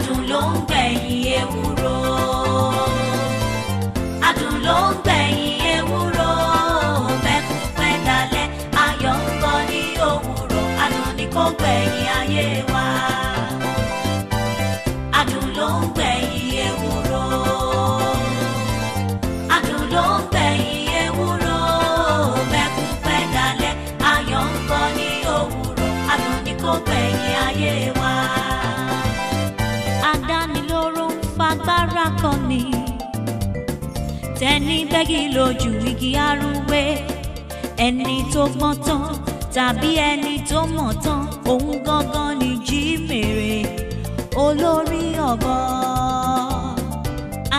adùn ló ń gbẹ̀yìn ewúro adùn ló ń gbẹ̀yìn. tẹni bẹ́gì lójú igi arúgbé ẹni tó gbọ́n tán tàbí ẹni tó mọ̀ tán òun gangan ni jímèrè olórí ọ̀bọ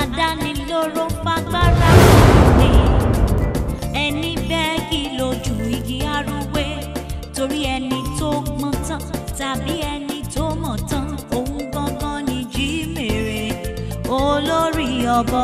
adánilóró fagbára ni ẹni bẹ́gì lójú igi arúgbé torí ẹni tó gbọ́n tán tàbí ẹni tó mọ̀ tán òun gangan ni jímèrè olórí ọ̀bọ.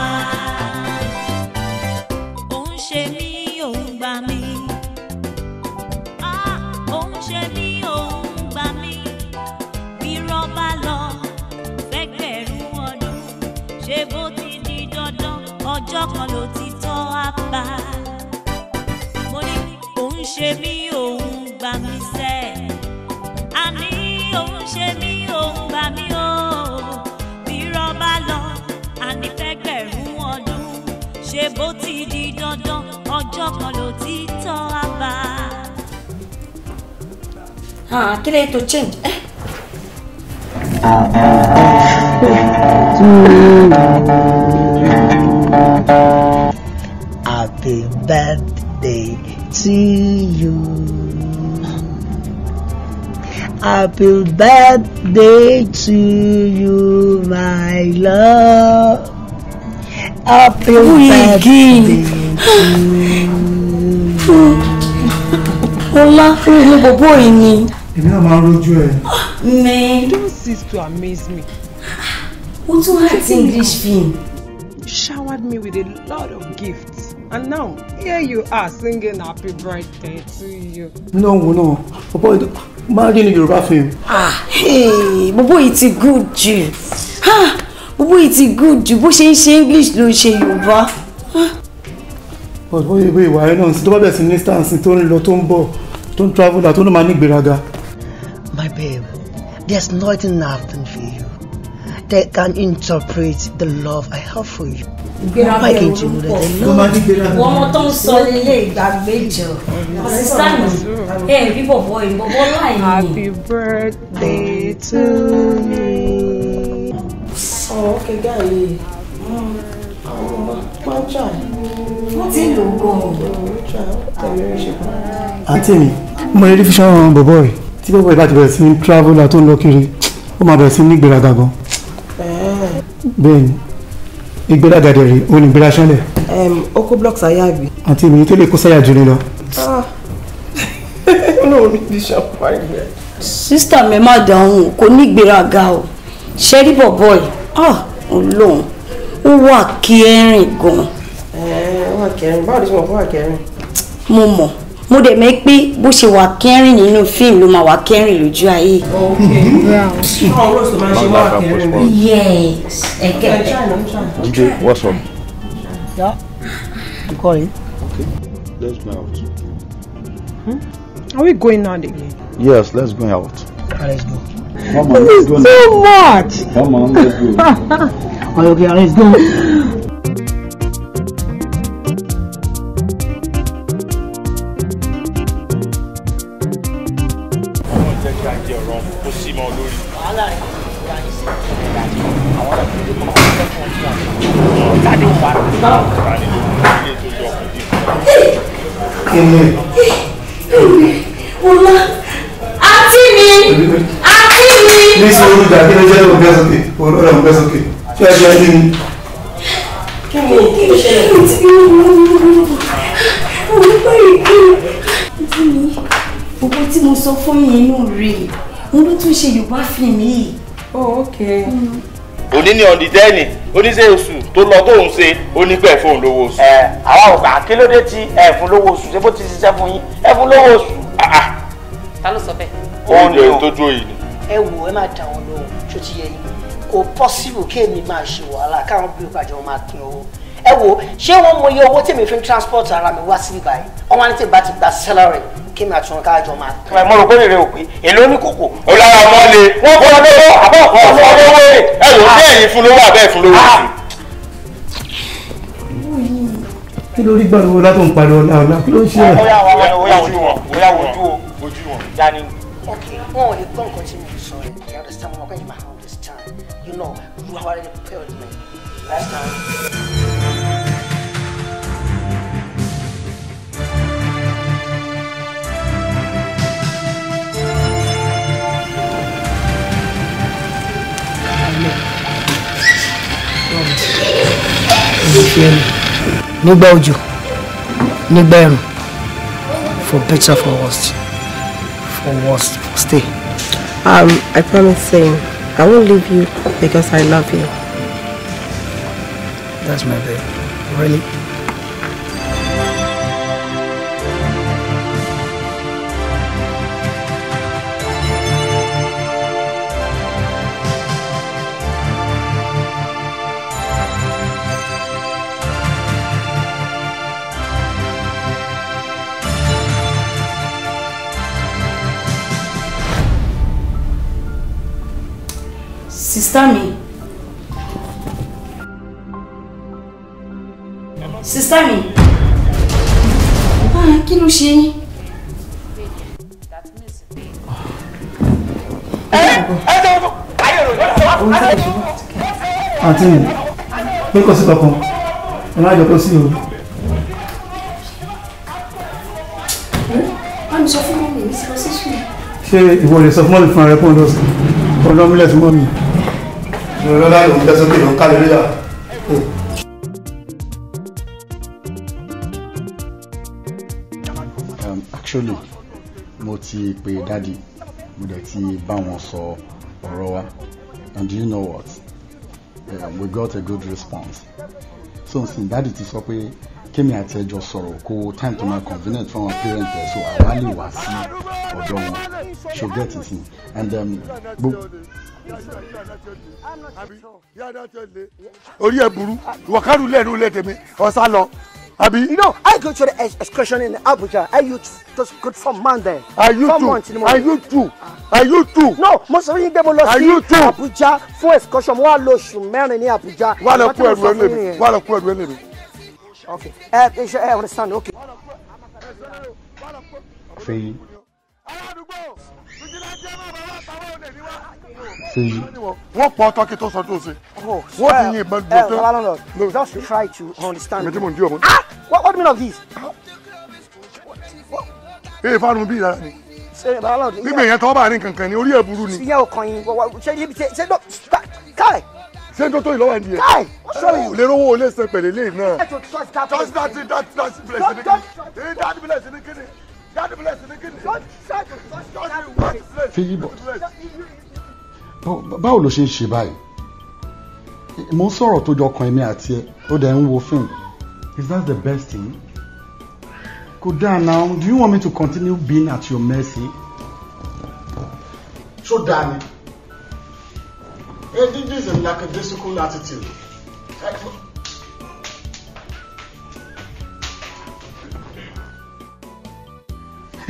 bàbá mo ní òun ṣe mí òun gbà mí sẹ́ àní òun ṣe mí òun gbà mí o bí rọ́bà lọ àní ọdún ṣe bó ti di dandan ọjọ́ kan ló ti tọ́ àbá. kí lè tó change. Eh? Thank hmm birthday to you. Happy birthday to you, my love. Happy birthday to you. Ola, fún inú gbogbo yìí ni. Èmi náà máa ń rojú ẹ. Man, don't cease to amaze me. Ó tún láti English film. showered me with a lot of gifts. And now, here you are singing happy birthday to you. No, no. Bàbá imagine máa rí ní Ah, hey, bàbá it's a good jù. Ha, bàbá it's a good jù. Bó she ain't English no, she ṣe But Bàbá yìí why ìwà ẹ̀ náà sí tó bá bẹ̀rẹ̀ sí ní stance tó ń travel àtó ló máa ní My babe, there's nothing I've they can interpret the love I have for you. Ìgbéra bẹ́ẹ̀ orúkọ. Wọ́n máa tó ń sọ nílé ìgbàgbé jọ. Mm-hmm. Sísá mi, ẹ bí bọ̀bọ̀ ìbọ̀bọ̀ láì ní. Happy birthday to me. Ọ̀rọ̀ kẹ̀kẹ́ yìí, àwọn pọ́ńchà wọ́n ti lò gan-an. Àǹtí mi, mo rí fíṣàn bọ̀bọ̀ rẹ̀ tí bọ̀bọ̀ rẹ̀ bá ti bẹ̀rẹ̀ sí ní travel àtúndọ̀ kiri, ó máa bẹ̀rẹ̀ sí ní ìgbéraga gan bẹ́ẹ̀ni ìgbéraga dẹrẹ ó ní gbéra ṣánlẹ. ó kó blọọkì sáyà àbí. àti èmi tó lè kó sáyà jù ní lọ. olóòrùn ní ṣàpárí rẹ. sísítà mi má dáhùn kò ní ìgbéraga o ṣẹ́rí bọ̀bọ̀ yìí ah, olóhùn ó wà kẹrin gan. ẹ wà kẹrin báwo ni mo fún wà kẹrin. mo mọ̀ mo dẹ̀ mẹ́ pé bó ṣe wà kẹrin nínú fíìmù ló máa wà kẹrin lójú ayé. yes ẹkẹ what's up. Yeah. I'm calling. Okay, let's go out. Hmm? Are we going out again? Yes, let's go out. Ah, let's go. Come on, this let's go. Too much. Come on, let's go. okay, okay, let's go. kíni. ọlá àti mi àti mi. ní sọ́wọ́n ìgbà kí ló jẹ́ lóun bẹ́ẹ̀ sókè òun lọ́dọ̀ òun bẹ́ẹ̀ sókè kí ẹ jẹ́ ẹ kíni. kíni kí ló ṣẹlẹ̀. mo ti rí mo ní báyìí kí ni. gbogbo tí mo sọ fún yín inú rí i mo ló tún ṣe yorùbá fi mí. oh okay. Mm òní ni ọ̀ndì tẹ́ẹ̀nì oníṣẹ́ oṣù tó lọ tóun ṣe onípẹ̀ fóun lówó oṣù. ẹ àwa ò gbà kí ló dé tí ẹ lówó oṣù ṣé bó ti ṣiṣẹ́ fún yín ẹ fún lówó oṣù. Ah, ah. ta ló sọ bẹ́ẹ̀. oúnjẹ ìtọ́jú òyìn ni. ẹ wo ẹ máa dà wọn lóhùn ṣó ti yẹ yín kò pọ́sibù kéèmí máa ṣe wàhálà káwọn bí ó pàjọ́ máa pín owó ẹ wo ṣé wọn mọ iye owó tèmi fi ń transport ara mi wá sí ibà yìí ọmọ àti tèmi bá ti gba salary kémi àti wọn káàjọ máa. ẹ mọ ògbóni rẹ ò pé èlò ní kòkò. ó lára ọmọ le wọn bọ lọ́wọ́ àbọ wọn fọ lọ́wọ́ rẹ ẹ lò ó ah. bẹ́ẹ̀ yìí fún lówó àbẹ fún lówó sí. Ah. kí ló rí gbàdúrà ọlá tó ń pariwo ọlá ọlá kí ló ń ṣe. ó yà wọ ojú wọn ó yà wọ ojú ojú wọn já ni. ok wọn ò lè gbọ́ nǹkan tí mo sọ yẹn you understand wọn kọ́ you ma understand you know you are already prepared man last time. nígbà òjò nígbà ẹ̀rùn for better for worst for worst for stay. Um, I promise saying I won't leave you because I love you. That's my baby. Really? Sister mi. Sister mi. Ah, kí ló ṣe yín? Àǹtí mi, pé kò sí kankan, ẹ má jọ kó sí o. Bámi sọ fún mọ́mí, mi sì lọ sí sùn. Ṣé ìwọ lè sọ fún mọ́mí fún ara ẹ kó ń lọ sí? Ọ̀dọ́ mi lẹ̀ sí mọ́mí. Um, actually mo ti pe dadi mo dẹ̀ ti bá wọn sọ ọ̀rọ̀ wa and do you know what yeah, uh, we got a good response so since sin dadi ti sọ pé kémi àti ẹjọ sọ̀rọ̀ kó time to make convenient for our parents so àwa lè wá sí ọ̀dọ̀ wọn get it and um, orí ẹ burú wàkàrù lẹ́nu lẹ́tẹ̀mí ọ̀sá lọ. Abi? You know, I go to the ex excursion in Abuja. I You just good for man there. Are you too? Are you too? Are you too? No, mo sọ yín dé mo You sí Abuja fún excursion. Mo wá lọ oṣù mẹ́rin ní Abuja. Wà á lọ kú ẹrù ẹlẹ́mi. Wà á lọ kú ẹrù ẹlẹ́mi. Okay. Ẹ ẹ ṣe ẹ understand okay. Fẹ́yìn wọ́n pọ̀ tọ́kì tó sọ tó ṣe wọ́n ti yin ìbọn gbọ́tọ́. ẹ ọlọ́lọ́ just try to understand. mẹtí mo ń di ọmọ. ah what, do you mean of this. ee fanu bí ìlara ni. bíbẹ̀ yẹn tọ́ bá kankan ni orí ẹ̀ ni. ìyá ọkàn yìí ṣe ibi ṣe ṣe káì. ṣé n tó tó ìlọ́wọ́ ẹ̀ káì wọ́n sọ̀rọ̀ yìí. olèrówó olè sẹpẹ̀lẹ̀ náà. just that that that place ni kí ni. That the goodness. Shut, shut, shut, shut. What? Philip. Báwo ló ṣe ń ṣe báyìí? Mo ń sọ̀rọ̀ tó jọ kan èmi àti ẹ̀, ó dẹ̀ ń wo fíìmù. Is that the best thing? Kò dáa now, do you want me to continue being at your mercy? Ṣó dáa ni? Hey, this is a lackadaisical attitude.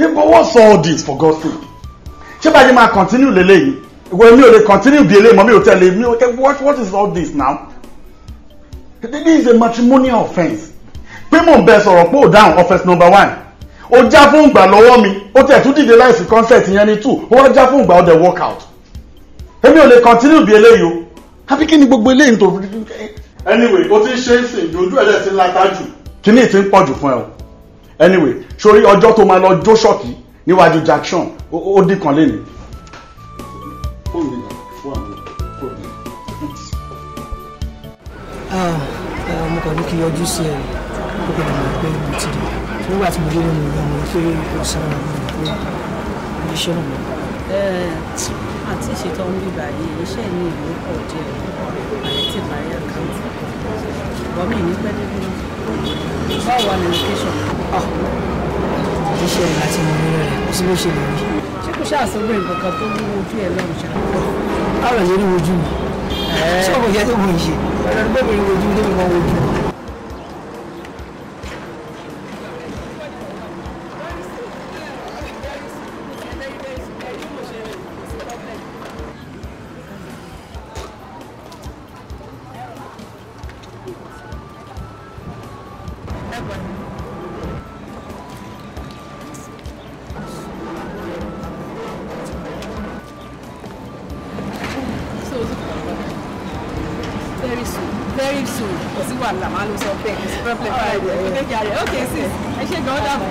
Hey, but what's all this for God's sake? Ṣé báyìí máa continue lélẹ́yìn? Ìwọ mi ò lè continue bí eléyìí mọ́ mi ò tẹ̀lé mi ò what what is all this now? This is a matrimonial offence. Pé mò ń bẹ sọ̀rọ̀ pé ò dáhùn offence number one. Ó já fún ìgbà lọ́wọ́ mi. Ó tẹ̀ tún dìde láìsí concert yẹn ní two. Ó wá já fún ìgbà ọ̀dẹ̀ work out. Èmi ò lè continue bí eléyìí o. Àbí kí ni gbogbo eléyìí tó. Anyway, o ti ṣe é sìn, dojú ẹ̀rẹ́ ti látájù. Kíní ti ń pọ̀jù fún ẹ o anyway sórí ọjọ́ tó máa lọ jó ṣọ́ọ̀kì níwájú Jackson ó dín kan lẹ́nu. Ah, eh, mo kàn ní kí yọjú sí ẹ kó kọ́ ọmọ ẹgbẹ́ mi ti dì nígbà tí mo dé nínú ìgbà mo pé kò sára mi pé mo ṣe náà. Eh, àti ìṣètò ń bíbà yìí iṣẹ́ ní ìlú pọ̀ díẹ̀ àti ìbáyà kan bọ́mí ní pẹ́ẹ́lẹ́gbẹ́ báwo wà ní location. Ah, kì í ṣe ìgbà tí mo rí rẹ̀ kò sí bó ṣe lè rí. ṣé kò ṣáà sọ́gbọ́n nǹkan kan tó wúwo ojú ẹ̀ lọ́rùn ṣá. báwo ni ojú mi ṣé ọmọ ìyá tó mọ ìṣe ọ̀rọ̀ gbọ́dọ̀ ojú mi tó mọ ojú mi. very soon kò sí wàhálà máa ló sọ bẹ́ẹ̀ kò sí problem báyìí sis ẹ ṣe gan-an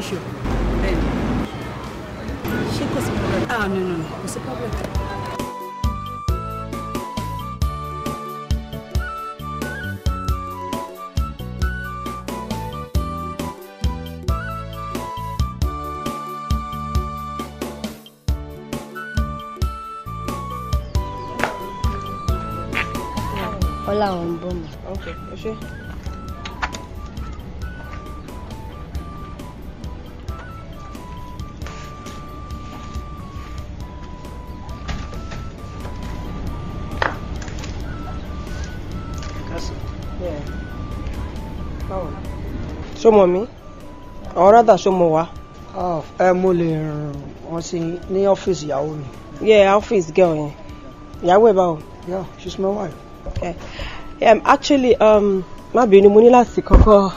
Aïcha. Je sais quoi c'est Ah non, non, non, c'est pas vrai. Voilà on bombe. Ok, monsieur. ṣọmọ mi or rather ṣọmọ wa. Ah, ẹ mo lè rìn wọn sí ní ọ́fíìsì ìyàwó mi. yeah ọ́fíìsì girl yẹn ìyàwó ẹ̀ báwo. yeah she's my wife. okay um, actually um, má bínú mo ní láti kọ́kọ́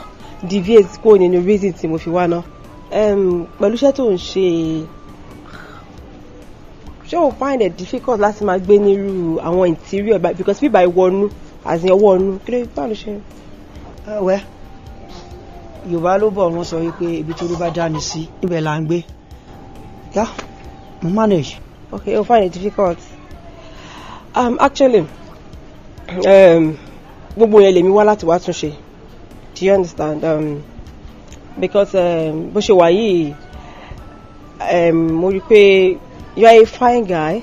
deviate kúrò nínú reason tí mo fi wá náà um, pẹ̀lú iṣẹ́ tó ń ṣe ṣé o find it difficult láti máa gbé nírú àwọn interior because bíbá ìwọnú àti ọwọ́ ọnú kí ló bá ló ṣe. ẹ̀wẹ̀ uh, yorùbá ló bọ̀ wọ́n sọ wípé ibi tó ló bá dání sí ibẹ̀ là ń gbé yeah mo manage. okay you find it difficult um, actually um, gbogbo yẹn lèmi wá láti wá túnṣe do you understand um, because um, bó ṣe wà yìí um, mo rí i pé you are a fine guy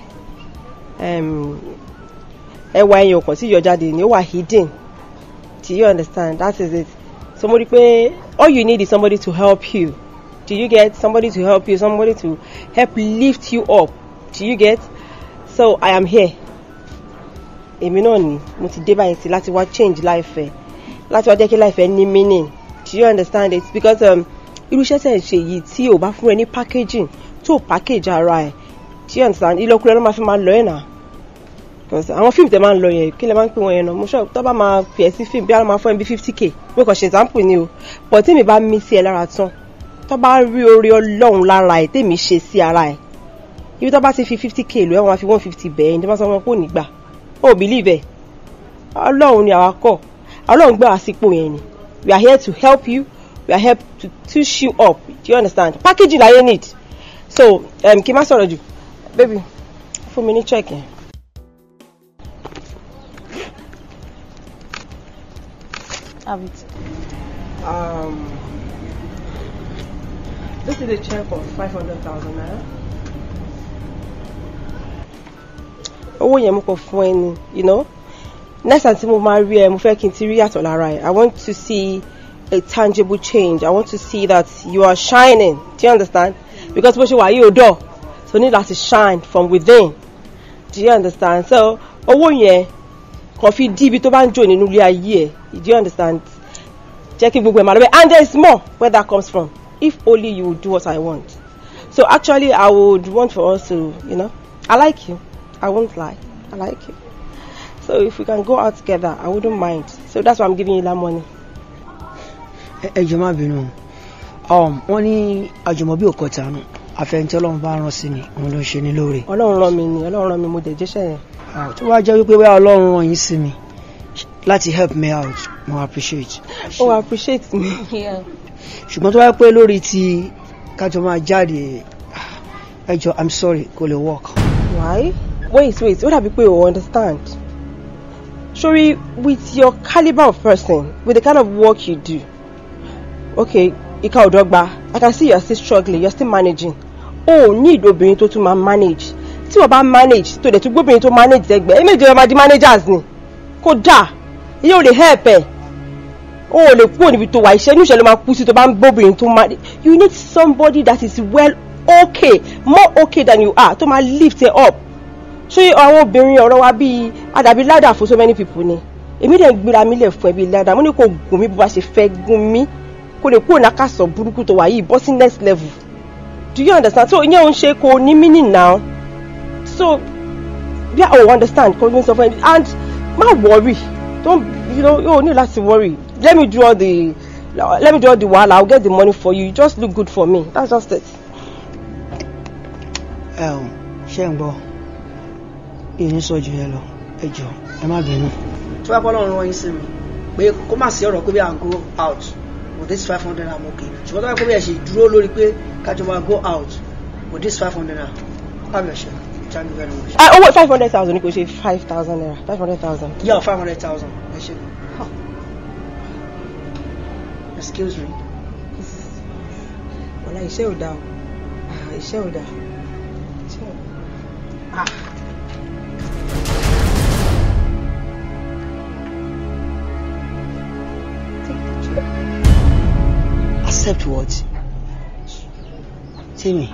ẹwà ẹ̀yìn ọkàn tí yọ jáde ni ó wà hidden do you understand that is it Somebody, mo all you need is somebody to help you do you get somebody to help you somebody to help lift you up do you get so I am here èmi náà ni mo ti dé báyìí sí láti wá change life ẹ láti wá jẹ́ kí life ẹ ní meaning do you understand it because um, irú iṣẹ́ tẹ̀ ń ṣe yìí tí o bá fún ẹ ní packaging tó package ara ẹ do you understand ilé ọkùnrin ló máa fi máa lọ ẹ̀ náà àwọn fíìmù tẹ máa ń lọ yẹn kí lè máa ń pè wọn yẹn náà mo sọ tó bá máa fi ẹ sí fíìmù bí a máa fún ẹ bí fifty k mo kàn ṣe example ni o but tèmi bá mí sí ẹ lára tán tó bá rí oore ọlọ́run lára ẹ tèmi ṣe sí ara ẹ ibi tó bá ti fi fifty k lọ ẹ wọn fi one fifty bẹ́ẹ̀ ní tó sọ wọn kò ní gbà ó believe ọlọ́run ni àwa kọ̀ ọlọ́run gbé wa yẹn ni we are here to help you we are here to touch you up do you understand packaging la yẹn need so um, kí n má sọ̀rọ̀ jù baby fún mi ní check yẹn. have it? Um, this is a check of 500,000 naira. owó yẹn mo kàn fún ẹ you know next time tí mo máa rí ẹ mo fẹ́ kí I want to see a tangible change I want to see that you are shining do you understand because bó ṣe wà you ò dọ̀ so need that to shine from within do you understand so owó yẹn kàn fi dí ibi tó bá ń jò nínú ilé ayé ẹ̀ do you understand jẹ́ kí gbogbo ẹ̀ máa lọ bẹ́ẹ̀ and there is more where that comes from if only you would do what I want so actually I would want for us to you know I like you I won't lie I like you so if we can go out together I wouldn't mind so that's why I'm giving you that money. ẹ jọ̀ọ́ má bínú um, wọ́n ní àjùmọ̀bí ò kọjá nù àfẹnitẹ́ ọlọ́run bá rán sí ni òun ló ń ṣe ní lóore. ọlọ́run rán mi ni ọlọ́run rán mi mo dẹ̀ jẹ́ṣẹ́ yẹn out ó wá jẹ́ wípé wá ọlọ́run ràn yín sí mi láti help me out mo appreciate. ó oh, appreciate me. ṣùgbọ́n tó wá pé lórí ti kájọ máa jáde ẹjọ i'm sorry kò lè work. why wait wait ó dàbí pé o understand sorry with your calibre of person with the kind of work you do okay ìka ò i can see you are still struggling you are still managing o oh, need obìnrin tó tún máa manage tí wọ́n bá manage tó dẹ̀ tún gbóbìnrin tó manage ẹgbẹ́ ẹ méje ọmọdé managers ni kó dà ìyẹn lè help ẹ o ò lè kúrò níbi tó wà iṣẹ́ ní ìṣẹ̀lẹ̀ máa kú sí tó bá ń gbóbìnrin tó manage you need somebody that is well okay more okay than you are tó máa lift ẹ up ṣé àwọn obìnrin ọ̀rọ̀ wa bíi àdàbí ládà fún so many people ni èmi dẹ̀ ń gbéra mi lẹ̀ fún ẹbí ládà mo ní kò gùn mí bó bá ṣe fẹ́ gùn mí kò lè kúrò nákàsọ̀ burúkú tó wà yìí bọ́ sí next level do you understand so ìyẹn ò ń ṣe kò ní meaning now so bí yeah, o understand kò ní sọ and má worry don't you know you only ní to worry let me draw the let me draw the wall. I'll get the money for you you just look good for me that's just it. Um, ò ṣe ń gbọ́ ìní sọ jù yẹn lọ ẹ jọ ẹ má bínú. tí wàá bọ́ lọ́rùn ọyìn sí mi pé kó má sí ọ̀rọ̀ pé bí i go out with this five hundred naira mọ́kè ṣùgbọ́n tó bá pẹ́ bí ẹ ṣe dúró lórí pé kájọ go out with this five hundred naira kó má bẹ̀ ṣe thank you very much. Ah, owó five hundred thousand You kò say five thousand naira five hundred thousand. Yeah, five hundred thousand ẹ ṣe gan. excuse me wàlá iṣẹ́ ò dáa ah, iṣẹ́ ò dáa. Ah. Accept what? Timmy,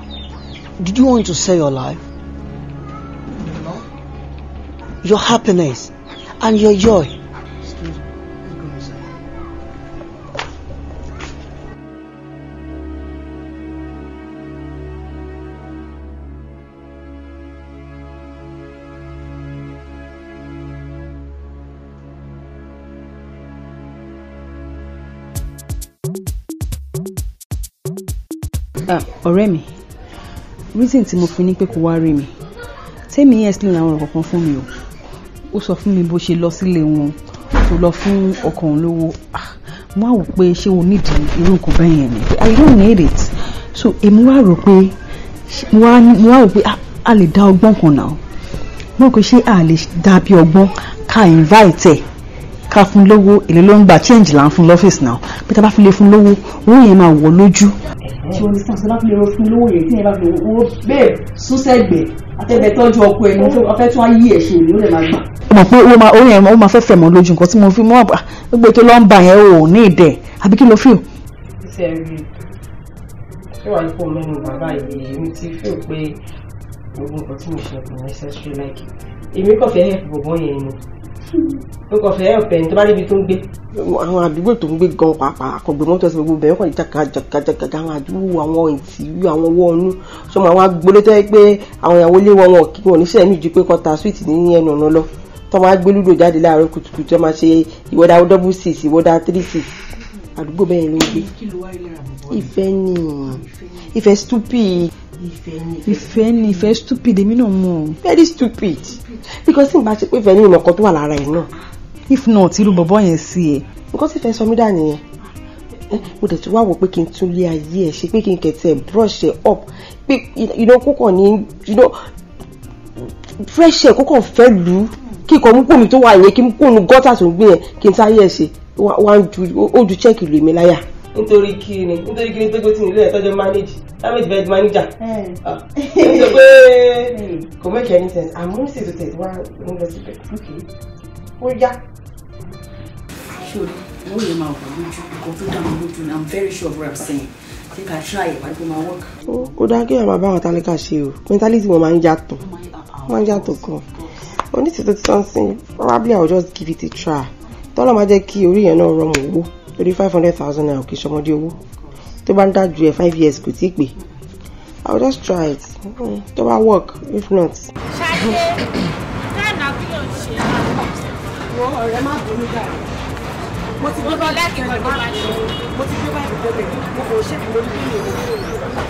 did you want to sell your life? your happiness, and your joy. Ah, ọ̀rẹ́ Oremi, reason tí mo fi ní pé kó wá rí mi tèmi explain àwọn ọ̀rọ̀ kankan fún mi o ó sọ fún mi bó ṣe lọ sílé wọn tó lọ fún ọkọ òun lówó ah, mo á wò pé ṣé o need irú nǹkan bẹ́ẹ̀ yẹn ni i don't need it so èmi wá rò pé mo wá rò pé ah, a lè dá ọgbọ́n kan náà mo rò pé ṣé a lè dá bí ọgbọ́n ká invite ẹ̀ ká fún lówó èlé ló ń gbà change là ń fún lọ́fíìsì náà bí tá a bá fi lè fún lówó owó yẹn máa wọ̀ lójú. o ní sàn sọ́dọ̀ fi lè fún lówó yẹn tí yẹn bá fi owó bẹ́ẹ̀ súnṣẹ́gbẹ̀ àtẹ̀bẹ̀ tọ́jú ọkọ ẹni tó ọfẹ́ tún ayé ẹ̀ ṣe òní ó lè máa gbà. mo mọ̀ pé owó máa owó yẹn ó máa fẹ́ fẹ̀ mọ́ lójú nǹkan tí mo fi mọ́ gbogbo ètò lọ́nba yẹn ò ní ìdẹ̀ àbí kí ló fi. ṣé o mẹ́nu èmi ti fi pé gbogbo nǹkan yẹn ni ó kàn fẹ́ ọ̀pẹ̀ tó bá níbi tó ń gbé. àwọn àdúgbò tó ń gbé gan pàápàá àkọgbẹ mọ́tò ẹsẹ̀ gbogbo bẹ̀rẹ̀ kàn jàkà jàkà jàkà àwọn àdúgbò àwọn ìtìlú àwọn ọwọ́ ọ̀nù sọmọ àwọn agbolé tó yẹ pé àwọn ìyàwó ilé wọn kí wọn níṣẹ́ mi ju pé kọta sweet ní ẹnu ọ̀nà lọ tó máa gbé lúdò jáde láàárọ̀ kùtùkùtù tó máa ṣe ìwọ́dà double six ìwọ́dà three six àdúgbò bẹ́ẹ̀ ló gbé ìfẹ́ ni ìfẹ́ stupid ìfẹ́ ni ìfẹ́ stupid èmi náà mọ̀ ọ́. very stupid because tí n bá ṣe pé ìfẹ́ ní ìmọ̀kan tó wà lára ẹ̀ náà. if not irú bọ̀bọ̀ yẹn sí ẹ. Because tí ìfẹ́ sọ mí dà nìyẹn mo dẹ̀ tún wá wò pé kí n tún lé ayé ẹ̀ ṣe pé kí n kẹ̀tẹ̀ brush ẹ̀ up pé iná kókàn ní iná fresh ẹ̀ kókàn fẹ́ lù ú kí n kàn mú kóònù tó wà yẹn kí n mú kóònù gọ́tà tó ń gbé yẹn kí n táyé ẹ̀ ṣe wá ń ju ó check ìlú èmi láyà. nítorí kiri ni nítorí kiri tó gbé tí nílé ẹ̀tọ́jọ́ manage damage bed manager. Hmm. Ah, ẹni sọ pé hmm. kò make any sense àmú sì tó tẹ̀ wá ń lọ síbẹ̀. ó yá. ṣòro wọ́n lè máa wà lójú nǹkan tó dá mi lójú and i'm very sure of what i'm saying take i try it but it ma work. ó dáa kí ọ̀rọ̀ bá wọn tálíkà ṣe o mentality wọn máa ń yàtọ̀ oh ah, ah, máa ń yàtọ̀ gan-an onítìtò tí wọ́n sin probably i will just give it a try tọ́lọ́ máa jẹ́ kí orí yẹn náà rọrùn owó torí five hundred thousand naira kì í ṣọmọdé owó tó bá ń dá ju five years kò tíì pé i will just try it hmm, tó bá work if not. ṣáyé káàná kí ló ń ṣe àwọn ọ̀rẹ́ má bínú dáa mo ti gbé báyìí láti ìgbà mo ti gbé báyìí tó bẹ̀rẹ̀ mo kò ṣe kí mo ní bí mi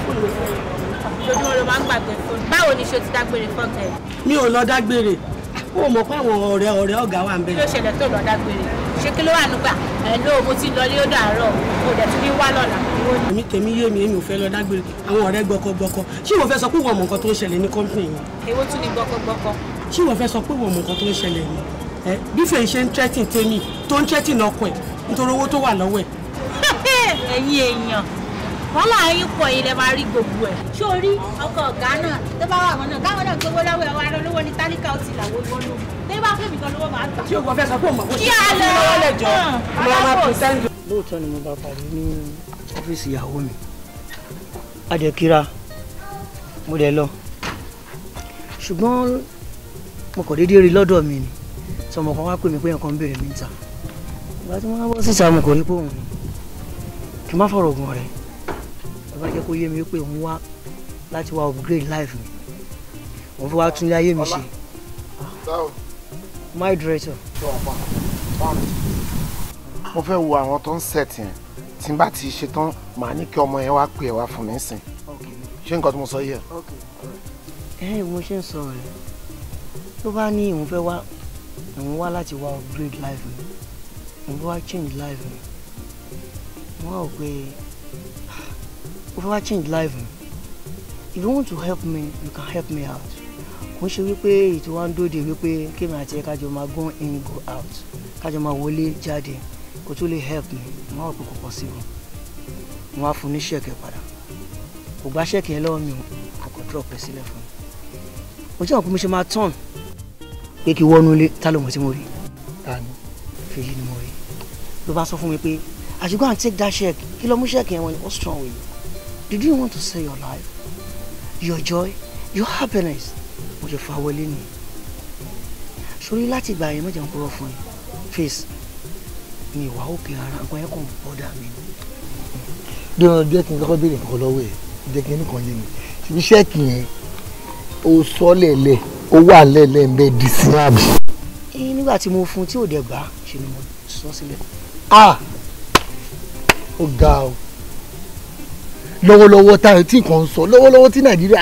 ò lójúmọ́ ló máa ń gbàgbé fún mi báwo ni ṣe ti dágbére fún ọ̀tẹ̀. mi ò lọ dágbére ó mọ̀ pé àwọn ọ̀rẹ́ ọ̀rẹ́ ọ̀gá wa ń bẹ. kí ló ṣẹlẹ̀ tó lọ dágbére ṣé kí ló wà nígbà ẹ mo ti lọ lé dàárọ̀ mo dẹ̀ tún ní wá lọ́la. èmi tèmi yé mi èmi ò fẹ́ lọ dágbére àwọn ọ̀rẹ́ gbọkọgbọkọ ṣé ìwọ fẹ́ sọ pé ìwọ mọ̀ nǹkan tó ń ṣẹlẹ̀ ní kọ́ńpìnì yìí. èwo tún ni gbọkọgbọkọ. ṣé ìwọ fẹ́ sọ pé ìwọ mọ̀ nǹkan tó ń ṣẹlẹ̀ wàhálà yín pọ̀ yìí lẹ máa rí gbogbo ẹ̀. ṣé o rí ọkọ̀ ọ̀gá náà tó bá wà wọn náà káwọn náà gbowó lọ́wọ́ ẹ̀ wá lọ́wọ́ ní tálíkà ó ti làwọn ìbọn lò tẹ́ bá fẹ́ mi kan lọ́wọ́ máa gbà. tí o gbọ́ fẹ́ sọ pé o mọ̀ bó ṣe ń lọ lọ́lẹ̀ jọ ọmọ ọmọ pẹ̀sẹ́ńt. lóòótọ́ ni mo bá pàdé ní ọ́fíìsì ìyàwó mi adẹ̀kíra mo dẹ̀ lọ ṣùgbọ́n mo kàn déédéé rí lọ́dọ̀ mi ni sọmọ kan wá pè mí pé nǹkan ń béèrè mi ń ta ìgbà tí wọ́n bọ́ síta mo kò rí pé òun ni kì má fọ̀rọ̀ ògùn rẹ̀ tó bá jẹ́ kó yé mi pé òun wá láti wá upgrade life mi òun fẹ́ wá tún ilé ayé mi ṣe. my director. mo fẹ́ wo àwọn tó ń set yẹn tí n bá ti ṣe tán màá ní kí ọmọ yẹn wá pè é wá fún mi sìn ṣé nǹkan tí mo sọ yìí ẹ. mo ṣe ń sọ rẹ tó bá ní òun fẹ́ wá òun wá láti wá upgrade life mi òun fẹ́ wá change life mi wọ́n á pé o fẹ́ wá change life mi if you want to help me you can help me out kò ń ṣe wípé ètò wa ń dóde wípé kémi àti ẹ kájọ máa go in go out kájọ máa wọlé jáde kò tó lè help me mo wà pé kò possible mo wá fún ní ṣẹ́ẹ̀kì padà kò gba ṣẹ́ẹ̀kì yẹn lọ́wọ́ mi o kò kò drop ẹ sílẹ̀ fún mi mo jẹ́ òkú mi ṣe máa turn pé kí wọ́n nulẹ̀ tá ló mọ̀ tí mo rí tani fèyí ni mo rí ló bá sọ fún mi pé àṣùgbọ́n à ń take that ṣẹ́ẹ̀kì kí ló mú ṣẹ́ẹ̀kì yẹn wọ́n ni what's wrong with you. Did you want to sell your life, your joy, your happiness? Mo ṣe fa wọlé ni. Sori láti ìgbà yẹn mọ̀jẹ̀ ń kúrọ̀ fún yín. Face mi ìwà òkè ara nǹkan yẹn kàn ń bọ́dà mi. Dọ́nà jẹ́ kí n kọ́kọ́ béèrè nǹkan lọ́wọ́ ẹ̀ jẹ́ kí n nìkan yé mi. Ṣèbí ṣẹ́ẹ̀kì yẹn o sọ lẹ̀lẹ̀ o wà lẹ̀lẹ̀ ń bẹ di sí àbí. Nígbà tí mo fún tí ò dẹ̀ gbà ṣe ni mo sọ sílẹ̀. Ah! Ó ga o lọ́wọ́lọ́wọ́ táyọ̀ tí nǹkan ń sọ lọ́wọ́lọ́wọ́ tí nàìjíríà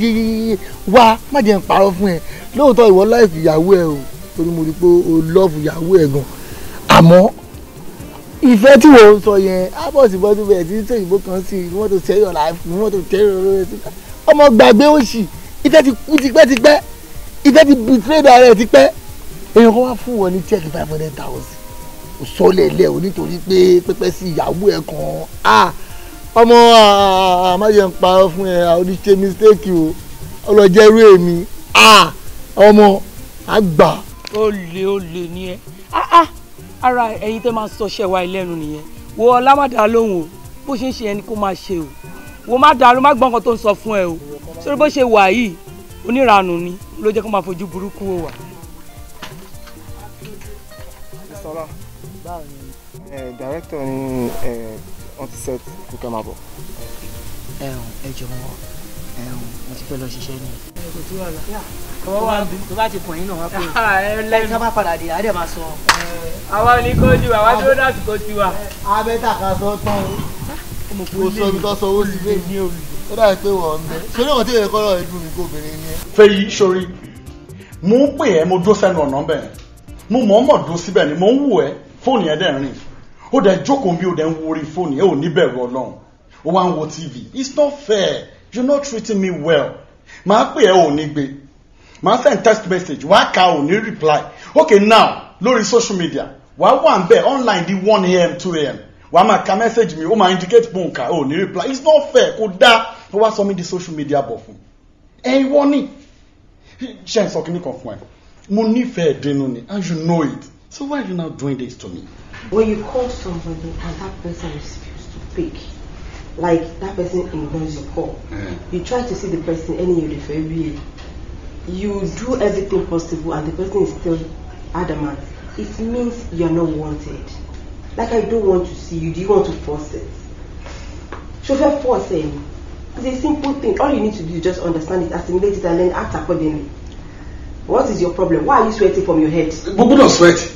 yíyí wá má jẹ́ ń parọ́ fún ẹ lóòótọ́ ìwọ láìfì ìyàwó ẹ o torí mo rí i pé o lọ́ọ̀fù ìyàwó ẹ gan àmọ́ ìfẹ́ tí wọ́n ń sọ yẹn ábọ̀sibọ́sí bẹ̀rẹ̀ tí sèyìnbó kan sí i wọ́n tó tẹ́rọ̀ láìfù wọ́n tó tẹ́rọ̀ lórí ẹ̀sìn ọmọ gbàgbé òṣì ìfẹ́ ti kú tipẹ́tipẹ́ ìfẹ́ ti bìtírẹ́dà rẹ̀ tipẹ́ èèyàn kan wá fún wọn ní check five hundred thousand sọ́lẹ̀ lẹ̀ o nítorí pé pẹ́pẹ́ sí ìyàwó ẹ̀ kan ah ọmọ àmáyẹ̀ǹpa fún ẹ oníṣe mistake o ọlọ́jẹ́ irú èmi ọmọ àgbà. olè olè ni ẹ ara ẹ̀yin tẹ́ máa sọ ṣẹ́ wa ìlẹ́nu nìyẹn wo ọlá má dá lóhùn o bó ṣe ń ṣe ẹni kó máa ṣe o wo má dá ló má gbọ́ nǹkan tó ń sọ fún ẹ o sórí bó ṣe wà yìí oníranù ni ló jẹ́ kó máa fojú burúkú wò wá. ẹ dàrẹ́tọ̀ ni wọ́n ti set kó kẹ́ máa bọ̀. ẹ̀hún ẹ jọ̀wọ́ ẹ̀hún mo ti fẹ́ lọ ṣiṣẹ́ ni. ẹ kò tí wà lọ. ọwọ́ wa bí. tó bá ti pọ̀ yín náà wá pé. Ah, ẹ lẹ́yìn tó bá padà dé àdé máa sọ. Eh, àwa ni kò ju àwa tó dàtí kò ti wà. abẹ́ta kan sọ tán o sọ mi tó sọ owó sí bẹ́ẹ̀ ní òòlù ó dàbí pé wọ́n ń bẹ ṣé ní wọ́n ti yẹ kọ́ lọ́ọ́ ẹ̀dùn mi kó obìnrin ni ẹ. fẹ́yì sori mo ń pè ẹ́ mo dó sẹ́nu ọ̀nà bẹ́ẹ̀ mo mọ̀ọ́mọ̀ dó síbẹ̀ ni mo ń wù ẹ́ fóònù ẹ̀ dẹ̀ rìn ó dẹ̀ jókòó mi ó dẹ̀ ń wori fóònù ẹ ò ní bẹ̀rù ọlọ́run ó wá ń wo tv it's not fair you're not treating me well màá pè ẹ ò ní gbé màá send text message wàá ka ò ní reply okay now lórí social media wàá wà ń bẹ̀ online di one am two am wàá máa ka message mi ó máa indicate pé òǹkà ò ní reply it's not fair kò dáa ó wá sọ mí di social media bọ̀ fún ẹ ìwọ ni ṣe ń sọ kíní kan fún ẹ mo nífẹ̀ẹ́ dénú ni and you know it So why are you now doing this to me? When you call somebody and that person refuses to pick, like that person ignores your call, eh. you try to see the person and you refer you. do everything possible and the person is still adamant. It means you're not wanted. Like I don't want to see you. Do you want to force it? Chauffeur forcing. It's a simple thing. All you need to do is just understand it, assimilate it, and then act accordingly. What is your problem? Why are you sweating from your head? But don't sweat.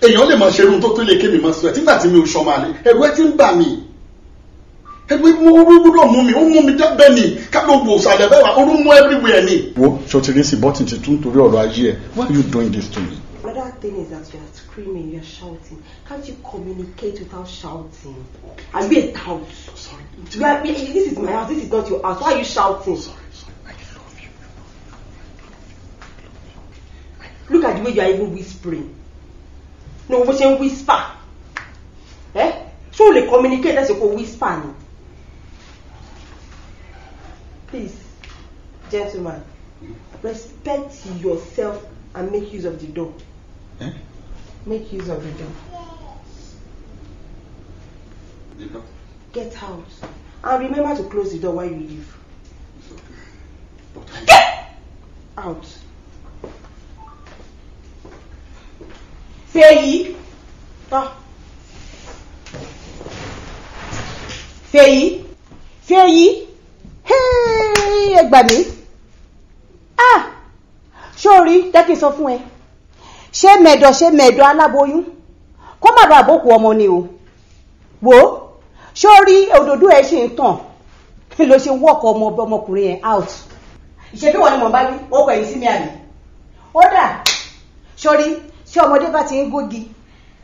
èèyàn lè máa ṣe irun tó tó lè kémi máa sọ ẹ nígbà tí mi ò sọmọ àlè ẹrú ẹ ti ń bà mí ẹgbẹ́ mú orú gbúdọ̀ mú mi ó mú mi dábẹ́ ni kábíyó wò sàlẹ̀ bẹ́ẹ̀ wá orú mú everywhere ni. wo ṣọtìrì sí bọ́tì ti tún torí ọ̀rọ̀ ayé ẹ why you doing this to me. another thing is that you are screaming you are shouting can't you communicate without shouting i be a tout you are this is my house this is not your house why are you shouting. Look at the way you are even whispering ní owó ṣe ń whisper ẹ ṣó lè communicate ẹsẹ kó whisper ni please gentleman respect yourself and make use of the door eh? make use of the door. The door. Get out. And remember to close the door while you leave. Get out. Fèyí. Fèyí. Fèyí. Ẹ gbà mí. Ah, Ṣóòrí dẹ́kì sọ fún ẹ. Ṣé mẹ̀dọ̀ ṣé mẹ̀dọ̀ aláboyún? Kó má bàa bókù ọmọ ni o. Wò ó. Ṣóòrí òdòdó ẹ ṣì ń tàn. Ló ṣe wọ́ọ̀kọ̀ ọmọ ọmọkùnrin out. Ìṣèbí wọn ni mò ń bá wí. Ó tí ọmọdé bá ti ń gógi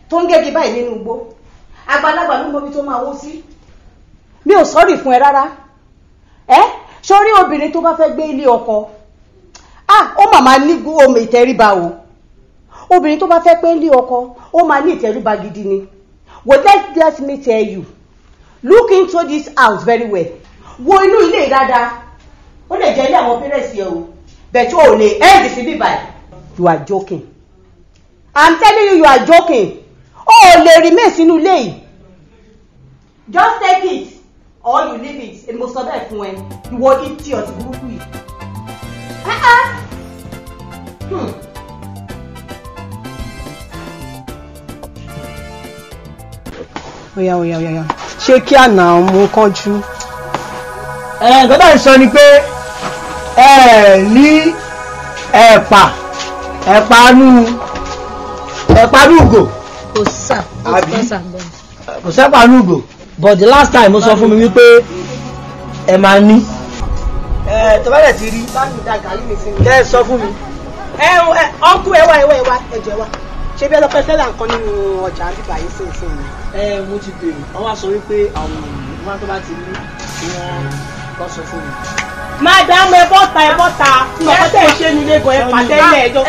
tó ń gégi báyìí nínú igbó àgbàlagbà ló mọbi tó máa wó sí mi ò sọ́rì fún ẹ rárá ẹ sórí obìnrin tó bá fẹ́ gbé ilé ọkọ ah ó màmá ní omi ìtẹríba o obìnrin tó bá fẹ́ pé ilé ọkọ ó máa ní ìtẹríba gidi ni well let, let me tell you look into this house very well wo inú ilé dáadáa ó lè jẹ́ ilé àwọn pẹ́rẹ́sì ẹ̀ o bẹ̀tú ò lè end sí bíbáyìí you are joking i'm telling you you are joking Oh, ò remain sínú ilé just take it or you leave it It must èmi mo You bẹ́ẹ̀ fún ẹ ìwọ idiot burúkú yìí. Hmm. oya oya oya ṣé kí àná mú kánjú. nǹkan bá ń sọ ni pé ẹ ní ẹ̀pà ẹ̀pà nù ẹ̀pánúgò. kò sà kò sẹ́pánúgò but the last time mo sọ fún mi wípé ẹ máa ní. ẹ tó bá dẹ̀ ti rí kẹ́ ẹ sọ fún mi. ẹ ọkú ẹ wá ẹ wá ẹ wá ẹ jẹ wá ṣé bí ọlọpẹ fẹlẹ nǹkan nínú ọjà àbíkà yìí sí ìsìn mi. ẹ mo ti bèrè wọn wá sọ wípé àwọn ènìyàn wọn tó bá ti rí wọn kọ sọ fún mi madamu ẹ bọ́ta ẹ bọ́ta nǹkan tẹ̀ ń ṣe nílé gan ẹ pàtẹ́lẹ̀ ẹjọ́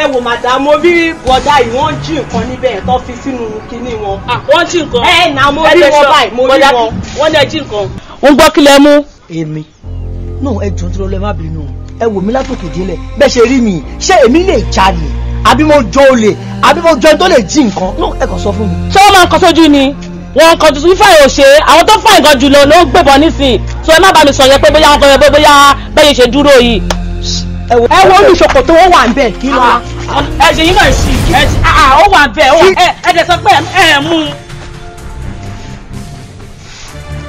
ẹ wò madamu bí bọ̀dá yìí wọ́n jí nǹkan níbẹ̀ tó fi sínú kinní wọn. Ah, wọ́n jí nǹkan ẹ nà mo rí wọn báyìí mo rí wọn wọ́n ní ẹ jí nǹkan. ń gbọ́ kí lẹ mú. èmi náà ẹ jọ̀ọ́ nítorí ọlọ́ ẹ má bínú ẹ wò mí látòkè délẹ̀ bẹ́ẹ̀ ṣe rí mi ṣé èmi lè jalè àbí mo jọ olè àbí mo jọ ẹni tó lè jí nǹkan náà ẹ kàn sọ fún mi. ṣé wọ́n máa ń kọ́ sójú ni wọn kan tuntun fífa òṣè àwọn tó fà nǹkan jùlọ ló ń gbébọn nísìn so ẹ má bá mi sọ yẹn pé bóyá wọn fẹ́ bóyá bẹ́ẹ̀ ṣe dúró yìí. ẹ wo olùṣòkò tó wà ń bẹ kí ló. ẹ ṣe yín náà sí ẹ ṣe ó wà bẹ́ẹ̀ ẹ ẹ dẹ̀ sọ pé ẹ mú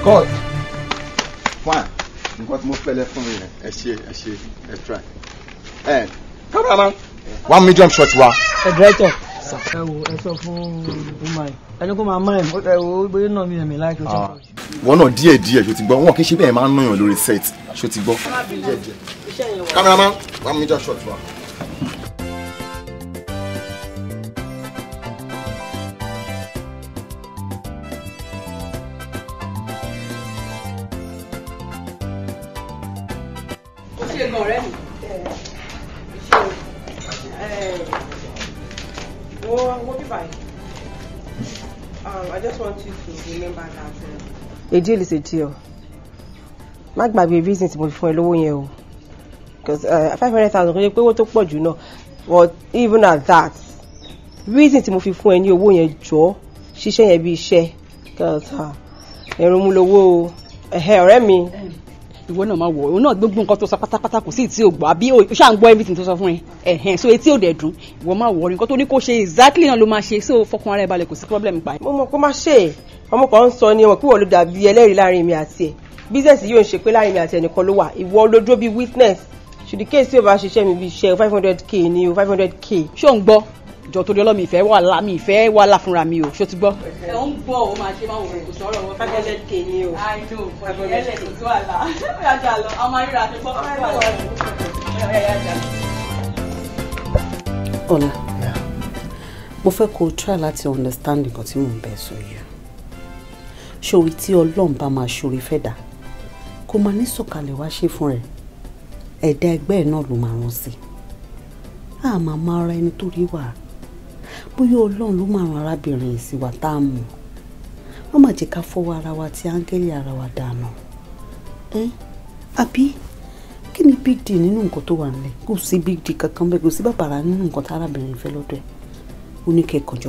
god fine nǹkan tí mo fẹ́ lẹ fún mi rẹ̀ ẹ ṣe ẹ ṣe ẹ try ẹ cameraman one medium shot wa. ẹ director ẹ wo ẹ sọ fún umar ẹni kó máa mọ̀rẹ̀ ẹ wo bóyá náà mi ẹ̀mí láìpẹ́ ọjọ́. Ah. wọn náà díẹ̀ díẹ̀ ṣó ti gbọ́ wọn kì ṣe bẹ́ẹ̀ máa ń nàyàn lórí set ṣó ti gbọ́. kámẹ́rámán wàá mú mi já ṣọ́ọ̀tù wa. ṣe gan Uh, um, uh, a deal is a deal. Má gbàgbé reason tí mo fi fún ẹ lówó yẹn o. Because uh, five hundred thousand kò jẹ́ pé owó tó pọ̀ jù náà. But even at that, reason tí mo fi fún ẹ ní owó yẹn jọ ṣiṣẹ́ yẹn bí iṣẹ́. Because ẹ̀rùn mú lówó ọ̀rẹ́ mi. Mm ìwọ náà máa wọ òun náà gbogbo nǹkan tó sọ pátápátá kò sí ìtí ò gbọ́ àbí o ṣáà ń gbọ́ everything tó sọ fún ẹ so etí ò dẹ̀ dùn ìwọ máa wọ nǹkan tó ní kó ṣe exactly náà ló máa ṣe so fọkàn ara ẹ balẹ̀ kò sí problem pa. mo mọ kó má ṣe é ọmọ kan ń sọ ni ọmọ pé wọn ló dàbí ẹlẹ́rìí láàrin mi àti ẹ̀ bísẹ̀sì yóò ń ṣe pé láàrin mi àti ẹnìkan ló wà ìwọ ló dúró bíi witness ṣùdíkèsí ò bá ṣiṣẹ́ mi bíi iṣẹ́ five k ni 500 k. ṣó ń gbọ́ jọ torí ọlọ́mi ìfẹ́ wàhálà mi ìfẹ́ wàhálà fúnra mi o ṣó ti gbọ́. ẹ ń gbọ́ o máa ṣe máa wò kò sọ̀rọ̀ wọn fẹ́ lẹ́ tè ní o. i do ẹlẹ́ kò tó àlà ó yà jà lọ ọmọ ayé rà ti gbọ́ fún wa ọ̀la mo fẹ́ kó o try láti understand nǹkan tí mò ń bẹ̀ sọ yìí ṣòrí tí ọlọ́run bá máa ṣòrí fẹ́ dà kó máa ní sọ̀kalẹ̀ wá ṣe fún rẹ̀ ẹ̀dá ẹgbẹ́ náà ló máa rán sí i àmọ́ máa ẹni tó rí wàá bóyá ọlọ́run ló máa ran arábìnrin sí wa tá a mú wọ́n jẹ́ ká fọwọ́ ara wa ti áńgẹ́lì ara wa dànù àbí kí ni big d nínú nǹkan tó wà nílẹ̀ kò big d kankan bẹ́ẹ̀ kò sí bàbàrà nínú nǹkan tá arábìnrin fẹ́ lọ́dọ̀ ẹ̀ ó ní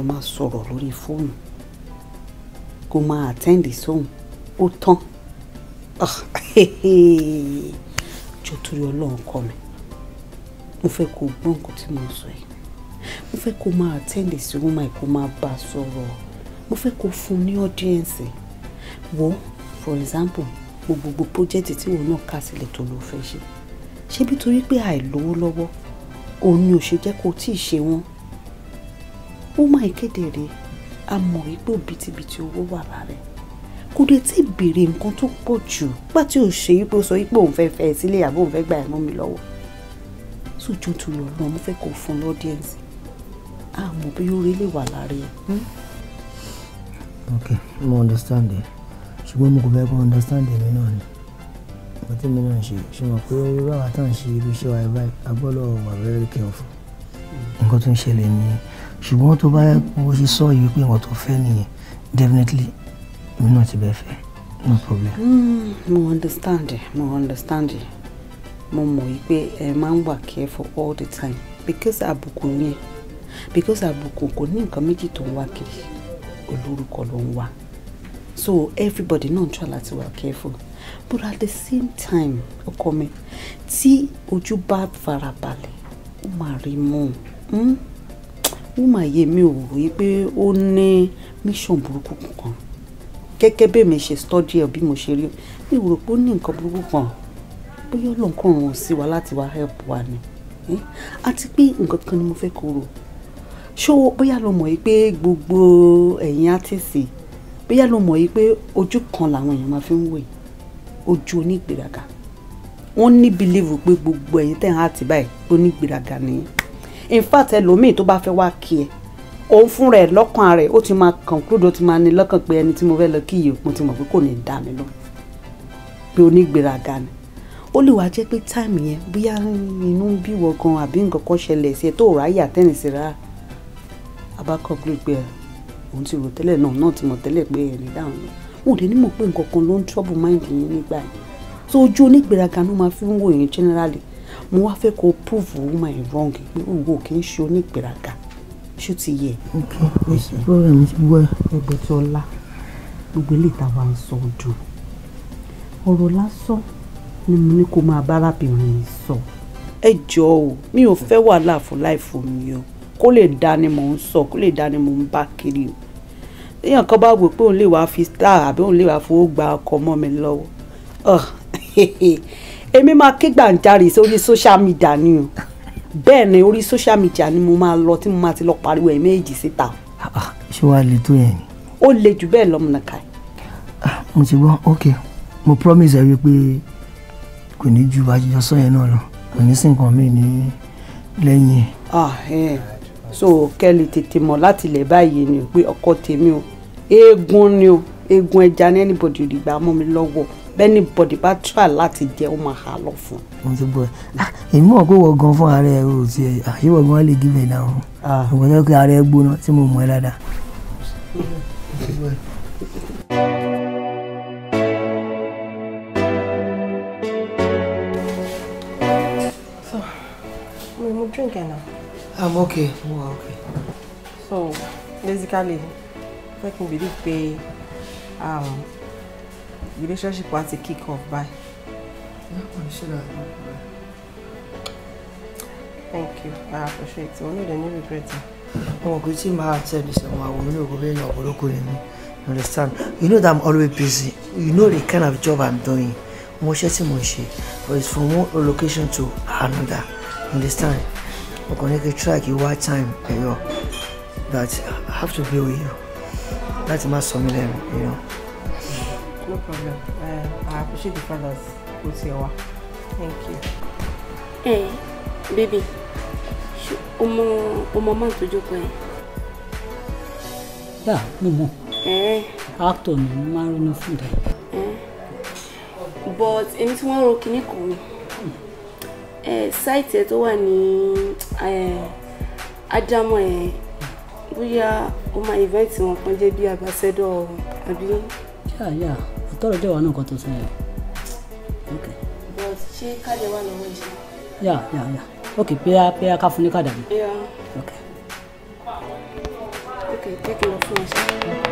máa sọ̀rọ̀ lórí fóònù máa àtẹ́ǹdì ó tán ah, torí ọlọ́run kọ́ mi mo fẹ́ kó nǹkan tí mo sọ mo fẹ́ kó máa attend sí woman yìí kó máa bá a sọ̀rọ̀ mo fẹ́ kó fún un ní audience wo for example gbogbogbò project tí òun náà kà sílẹ̀ tó ló fẹ́ ṣe ṣebí torí pé àìlówó lọ́wọ́ òun ni ò ṣe jẹ́ kó tí ì ṣe wọ́n woman yìí kéde rèé a mọ̀ wípé òbítíbitì owó wà lára kò dé tí béèrè nǹkan tó pọ̀ jù pá tí ò ṣe wípé ó sọ wípé òun fẹ́ẹ́ fẹ́ ẹ sílé àbí òun fẹ́ gbà ẹ̀ mọ́ mi lọ́wọ́ sójú tó lọ lọ mo fẹ́ kó fún lọ́díẹ̀nsì àmọ́ ah, bí orí lè wà lára ẹ̀. Hmm? ok mo understand ẹ ṣùgbọ́n mo kò fẹ́ kó understand èmi náà ni mo tí mi náà ṣe ṣe mọ̀ pé irú àwọn tá à ń ṣe irú iṣẹ́ wa báyìí a wà very careful nǹkan tó ń ṣẹlẹ̀ nìyẹn ṣùgbọ́n tó bá bó ṣe sọ yìí pé nǹkan tó fẹ́ nìyẹn definitely èmi náà ti bẹ́ẹ̀ fẹ́ no problem. Hmm, mo understand mo understand mo mọ̀ yìí pé ẹ máa ń wà careful all the time because àbùkù yẹn because àbùkù kò ní nǹkan méjì tó ń wá kiri olórúkọ ló ń wá so everybody náà ń try láti wà careful but at the same time ọkọ mi tí ojú bá farabalẹ̀ ó máa rí mú un hmm? ó máa yé mi ò rí pé ó ní mission burúkú kan gẹ́gẹ́ bí mi ṣe study ẹ̀ bí mo ṣe rí mi ò rò pé ó ní nǹkan burúkú kan bóyá ọlọ́nkàn ràn sí wa láti wá help wa ni hmm? àti pé nǹkan kan ni mo fẹ́ kó rò ṣó bóyá lo mọ̀ yìí pé gbogbo ẹ̀yin átìsì bóyá lo mọ̀ yìí pé ojú kan làwọn èèyàn máa fi ń wò yìí ojú onígbèraga wọ́n ní bìlíìfù pé gbogbo ẹ̀yin tẹ̀ ń hàtì báyìí onígbèraga ni in fact ẹlòmíì tó bá fẹ́ wá kí ẹ òun fún rẹ̀ lọ́kàn rẹ̀ ó ti máa conclude ó ti máa ní lọ́kàn pé ẹni tí mo fẹ́ lọ kí yìí mo ti mọ̀ pé kò ní dá mi lọ pé onígbèraga ni ó lè wá jẹ́ pé táìmù yẹn bóyá inú bí wọ gan àbí nǹkan kan ṣẹlẹ̀ sí ẹ tó ráyè àtẹ́nìsí rárá a bá conclude pé òun ti rò tẹ́lẹ̀ náà náà ti mọ̀ tẹ́lẹ̀ pé ẹ̀rín dáhùn wọn ò lè ní mọ̀ pé nǹkan kan ló ń trouble mind yín nígbà yìí so ojú onígbéraga ló máa fi ń wò yín generally mo wá fẹ́ kó prove woman in wrong pé òwò kì í ṣe onígbéraga ṣó ti yẹ. ok yes problem wẹ ẹgbẹ̀tì ọlá gbogbo ilé ìta wa ń sọ ọdún ọ̀rọ̀ lásán ni mo ní kó máa bá arábìnrin yìí sọ. ẹ jọ̀ọ́ mi ò fẹ́ wàhálà fún láìfò mi o kó lè dání mò ń sọ kó lè dání mò ń bá kiri o èèyàn kan bá wò pé òun lè wá fi star àbí òun lè wá fowó gba ọkọ mọ́ mi lọ́wọ́ èmi máa ké gbàǹjarì sórí social media ni o bẹ́ẹ̀ ni orí social media ni mo máa lọ tí mo máa ti lọ pariwo ẹ̀ méjì síta. Ah, ah, ṣé wàá le tó yẹn ni. ó le jù bẹ́ẹ̀ lọ́mọ̀nà ká. Ah, mo ti gbọ́ ok mo promise ẹ wípé kò ní ju àjọyọ̀ sọ yẹn náà lọ kò ní sí nǹkan mi ní lẹ́yìn so kẹ́lì tètè mọ̀ láti ilẹ̀ báyìí ni pé ọkọ tèmi o eégún ni o eégún ẹja ní anybody ò lè gbà mọ́ mi lọ́wọ́ bẹ́ẹ̀ni bọ̀dì bá tíra láti jẹ́ ó máa hà lọ fún. mo ti gbọ́ ah, èmi mọ̀ pé wọ́n gan fún ààrẹ o ti ẹ̀ àyè wọ́n gan lè gíbẹ̀ náà o ìwọ̀n náà pé ààrẹ gbóná tí mo mọ̀ ẹ́ dáadáa. drink it I'm okay. Mo wà okay. So basically, fẹ́ kí n believe pé um, relationship wa ti kick off báyìí. Lápò ìṣẹ̀lẹ̀ àgbà. Thank you. I appreciate it. Olóòdè ní regret. Ọmọ kò tí máa tẹ̀ mí sọ̀rọ̀ àwọn olóògùn bẹ́ẹ̀ to ọ̀pọ̀lọpọ̀ nínú. You understand? You know that I'm always busy. You know the kind of job I'm doing. Mo ṣe tí But it's from one location to another. You understand? We're going to try kí wá time ẹ̀yọ́ that I have to be with you láti má sọ mí lẹ́nu you know. no problem uh, I appreciate the fact Good o ti thank you. ẹ eh, hey, baby ọmọ ọmọ máa tó jókòó ẹ. yà mo mọ eh. actor mi mo máa ń ronú fún dẹ. but èmi tí wọ́n ro kinní kan ni site ẹ tó wà ní ádámọ̀ ẹ bóyá ó máa ìvẹ́ǹtì wọn kan jẹ́ bí àbáṣẹ́dọ̀ àbí. yà yà àtọ́rọ̀ dẹ̀ wà náà kan tó sọ yẹn. but ṣé kájẹ wà lọ́wọ́ ìṣe. yà yà yà ok pẹ́yà pẹ́yà ká fún ní kàdà mi. ok. ok jẹ́ kí fún ọ ṣáà.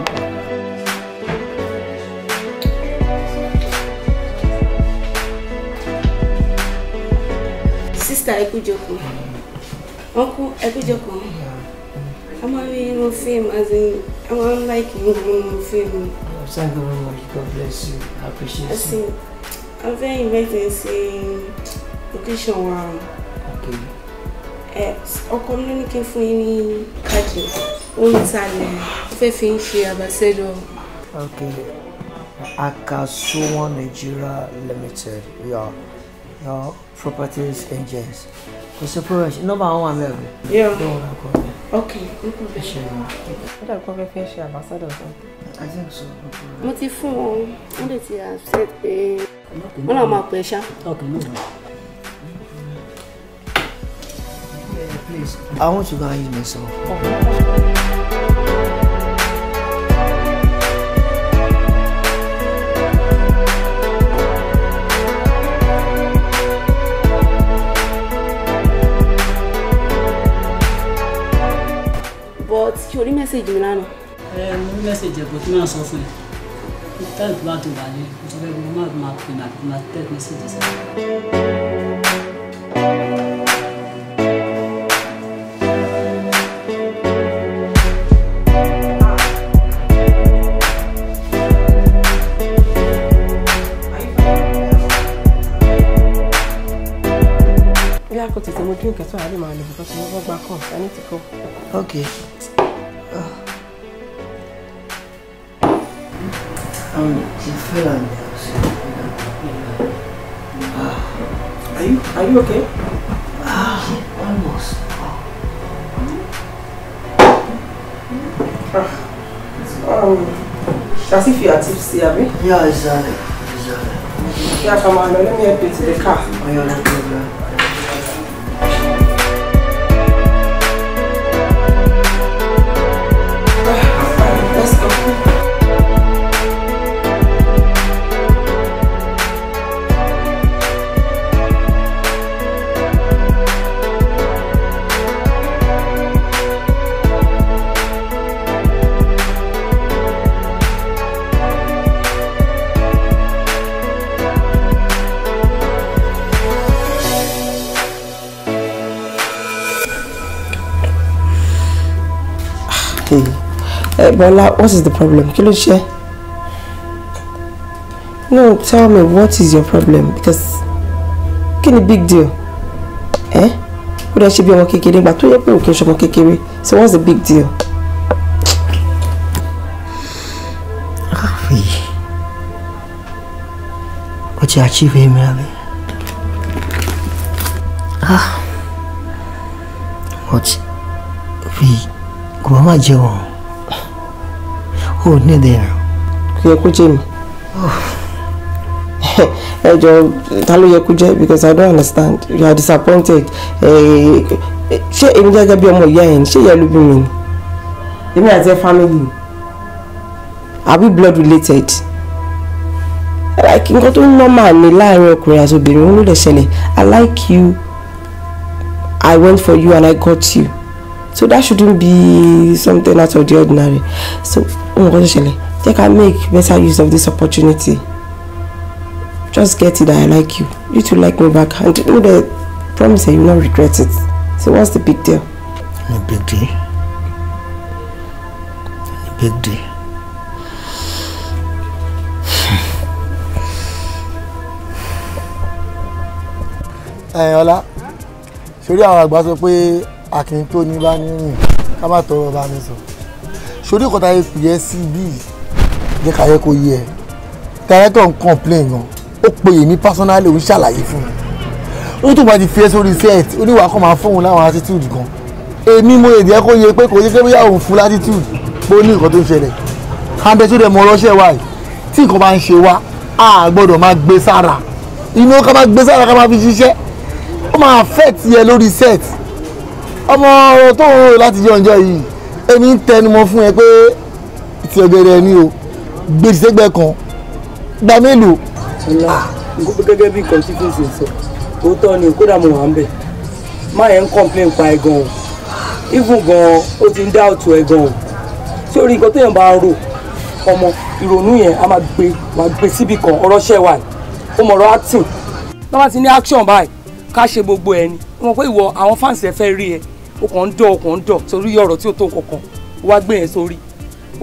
sísítà ẹ kú jókòó ọkú ẹ kú jókòó a máa rí irun fíìmù as in a máa ń láìkì irun irun fíìmù. thank you very much god bless you i appreciate you. ẹsìn a fẹ́ invite ẹ sí location wa o. ẹ ọkọ mi ló ní kí n fún yín ní káàdì òun talẹ̀ ó fi ń ṣe àbáṣẹ́dọ̀. okay akaso nigeria limited Yeah your properties agents kò sí problem nọ́mbà wọn wà mẹ́rin. yóò tó wọn kọ mi. ok no problem. ẹ ṣe dàbí kó fẹ́ fẹ́ ṣe ambassador fún mi. i think so mo ti fún wọn wọn lè ti accept pé wọn làwọn máa pè ṣá. ok no problem. please. I want to go and myself. but kí o rí mẹ́sẹ̀gì mi lánàá. ẹ mo rí mẹ́sẹ̀gì ẹ̀ bọ̀ kí máa sọ fún ẹ kí táyì tó bá tó wà ní ìjọba ẹgbẹ́ máa máa pè máa tẹ́ mẹ́sẹ̀gì sí. Yeah, I could take a drink as well. I didn't mind back home. I need to go. Okay. Um, the Fulani Ah. Are you are you okay? Ah, yeah, almost. Ah. Um, as if you are tipsy, Abby. Yeah, exactly. Exactly. Yeah, come on, let me help you to the car. Oh, yeah, no problem. ẹ eh, Bọ́lá what is the problem kí ló ṣe no tell me what is your problem because kí ni big deal ẹ eh? ó dẹ ṣe bí ọmọ kékeré gbà tó yẹ pé òkè ṣọmọ kékeré so what's the big deal. Rafi, o ti achieve eh, mi abi? Ah, but fi kò bá jẹun. Oh, need there. Kò yẹ kó jẹ́ mi. Ẹ jọ̀ọ́, ta ló yẹ kó jẹ́ because I don't understand. You are disappointed. Ṣé èmi gẹ́gẹ́ bí ọmọ ìyá ẹ̀ ṣé ìyá ló bí mi ni? Èmi àti ẹ family. Are we blood related? Like nǹkan tó normal ni láàárín ọkùnrin àti obìnrin, ló lè ṣẹlẹ̀. I like you. I went for you and I got you so that shouldn't be something out of the ordinary so ohun kan tó ṣẹlẹ̀ jẹ́ ká make better use of this opportunity just get it that I like you you too like me back and you know the promise you no regret it so what's the big deal. The big deal The big deal. Hey, ẹ ọlá sórí àwọn about to pé Akíntọ́ni bá ní rìn ká má tọrọ bá mi sọ sórí ìkọta yẹ pè é sí bíi jẹ́ ká yẹ kó yẹ director ń complain gan ó pèyè ní personally òun ṣàlàyé fún mi ó tún bá ti fi ẹ́ sórí set oníwà kan máa fóun láwọn attitude gan èmi mo èdè ẹ kó yẹ pé kò yẹ pé bóyá òun fún latitude pé ó ní nǹkan tó ń ṣẹlẹ̀ handẹ tó dẹ̀ mọ ọlọ́ṣẹ́ wa yìí tí nǹkan bá ń ṣe wá a gbọ́dọ̀ máa gbé sára inú ká máa gbé sára ká máa fi ṣiṣẹ́ ó máa affect yẹ lórí set ọmọ tó ń rò láti jẹ́ ọjọ́ yìí èmi ń tẹnumọ́ fún ẹ pé ti ọ̀gẹ̀dẹ̀ ni o gbèsè gbẹ kan gba mélòó. gẹ́gẹ́ bí nǹkan tí kò ṣe sọ òótọ́ ni kódà mo wà ń bẹ̀ má yẹn ń complain pa ẹ̀ gan o even gan ó ti ń dá òtù ẹ̀ gan o tí orí nǹkan téèyàn bá ń rò ọmọ ìrònú yẹn a máa gbé máa gbé síbì kan ọ̀rọ̀ ṣẹ́ wà ó mọ̀rọ̀ acting tí wọ́n bá ti ní action báyìí ká ṣe gbogbo ẹ̀ ni wọ́n mọ̀ pé ìwọ àwọn fans ẹ̀ fẹ́ rí ẹ̀ o kàn ń dọ̀ o kàn ń dọ̀ torí ọ̀rọ̀ tí o tó kankan o wá gbé yẹn sórí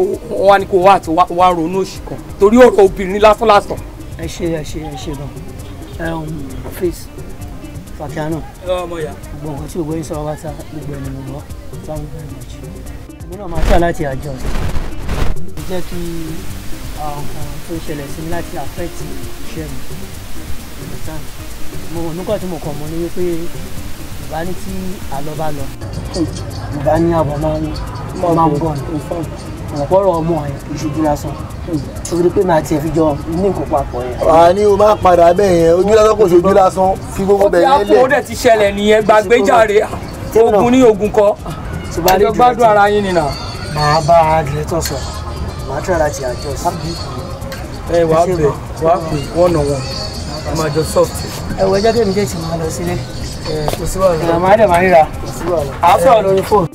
o wá ní kó wá àti wá ronú òṣì kan torí ọ̀rọ̀ obìnrin lásán lásán. ẹ ṣe ẹ ṣe ẹ ṣe gan face fàkíá náà gbogbo nǹkan tí òwe ń sọ wá ta gbogbo ẹni mo gbọ́ táwọn bẹ́ẹ̀ lọ jù èmi náà máa ṣá láti àjọ jẹ́ kí àwọn nǹkan tó ṣẹlẹ̀ sí mi láti affect iṣẹ́ mi mo mọ̀ nígbà tí mo kàn mọ́ ni wípé bàbá ní tí àlọ́bá lọ bàbá ní àbọ̀ máa ń máa ń bọ̀ ní ọ̀pọ̀rọ̀ ọmọ ẹ̀ ìṣubú lásán torí pé màá tiẹ̀ fi jọ ní nǹkan papọ̀ yẹn. a ní o máa padà bẹ́ẹ̀ yẹn ojú lásán kò ṣojú lásán fi gbogbo bẹ̀ yẹn lẹ̀. ó dẹ̀ ti ṣẹlẹ̀ nìyẹn gbàgbéjàre ogun ní ogun kọ́ àjọ gbádùn ara yín nìyà. màá bá a lè tọ̀ sọ màá tẹ̀ láti àjọ sí. ẹ wàá pè wọ́n nà wọ́n ẹ máa jọ soft. ẹ wọ ẹjọ́ kí èmi jẹ́ ti lọ sílé. Eh, kò sí wàhálà. màá dẹ̀ máa ríra àá sọ̀rọ̀ lórí fóònù.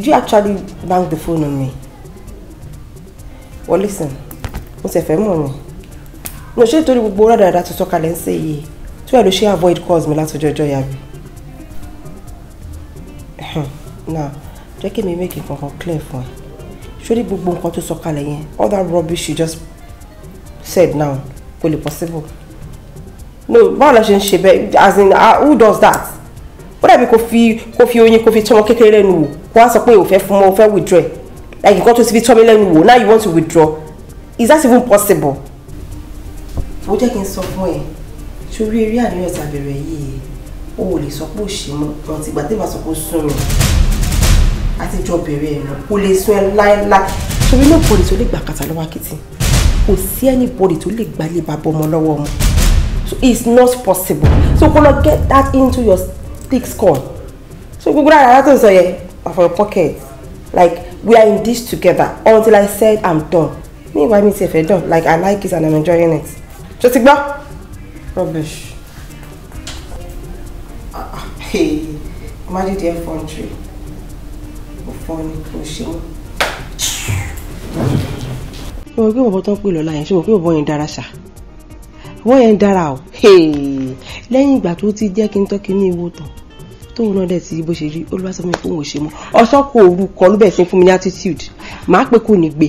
Did you actually bang the phone on me? Well, listen, mo ṣe fẹ́ mọ̀ ni. Mo ṣe torí gbogbo rádàrádà to sọ́kalẹ̀ ń ṣe yìí tí wàá lọ ṣe avoid calls mi látọjọ́ ọjọ́ ìyá mi. Now, jẹ́ kí mi make for kan clear fún ẹ. Ṣórí gbogbo nǹkan tó sọ́kalẹ̀ yẹn all that rubbish you just said now kò lè possible. No, báwo la ṣe ń ṣe as in uh, who does that? Ó dàbí kò fi kò fi oyin kò fi tọmọ kékeré lẹ́nu wò wọ́n á sọ pé o fẹ́ fún mọ́ o fẹ́ withdraw like nǹkan tó ti fi tọ́ mi lẹ́nu wò now you want to withdraw is that even possible. ó jẹ́ kí n sọ fún ẹ sórí eré àníyàn tàbẹ̀rẹ̀ yìí o ò lè sọ pé ò ṣe mọ́ ọ̀n ti gbà tẹ́lẹ̀ sọ pé ó sún mi àti jọ bẹ̀rẹ̀ ẹ̀ lọ kò lè sún ẹ láéláé. torí náà bọ̀dì tó lè gbà kàtà lọ́wọ́ akitì kò sí ẹni bọ̀dì tó lè gbalé bàbá ọmọ lọ́wọ́ ọmọ so it's not possible so kò lọ get that into your thick skull so gbogbo ara tó ń sọ yẹn or for your pocket like we are in this together until I said I'm done me why me say if I done like I like it and I'm enjoying it Just ti gbọ́ rubbish. Ah, hey, imagine the infantry. Òfòní kò ṣe mí. Mo rò pé bọ̀bọ̀ tó ń pè lọ́la yẹn ṣé mo pé bọ̀bọ̀ yẹn dára ṣá. Bọ̀bọ̀ yẹn dára o. Lẹ́yìn ìgbà tó ti jẹ́ kí n tọ́ ní ewu tán tóun náà dẹ̀ ti bó ṣe rí olúwa sọ fún mi fún òun ò ṣe mọ́ ọ̀sán kò rú ló bẹ̀rẹ̀ sí fún mi ní attitude màá pé kò ní gbé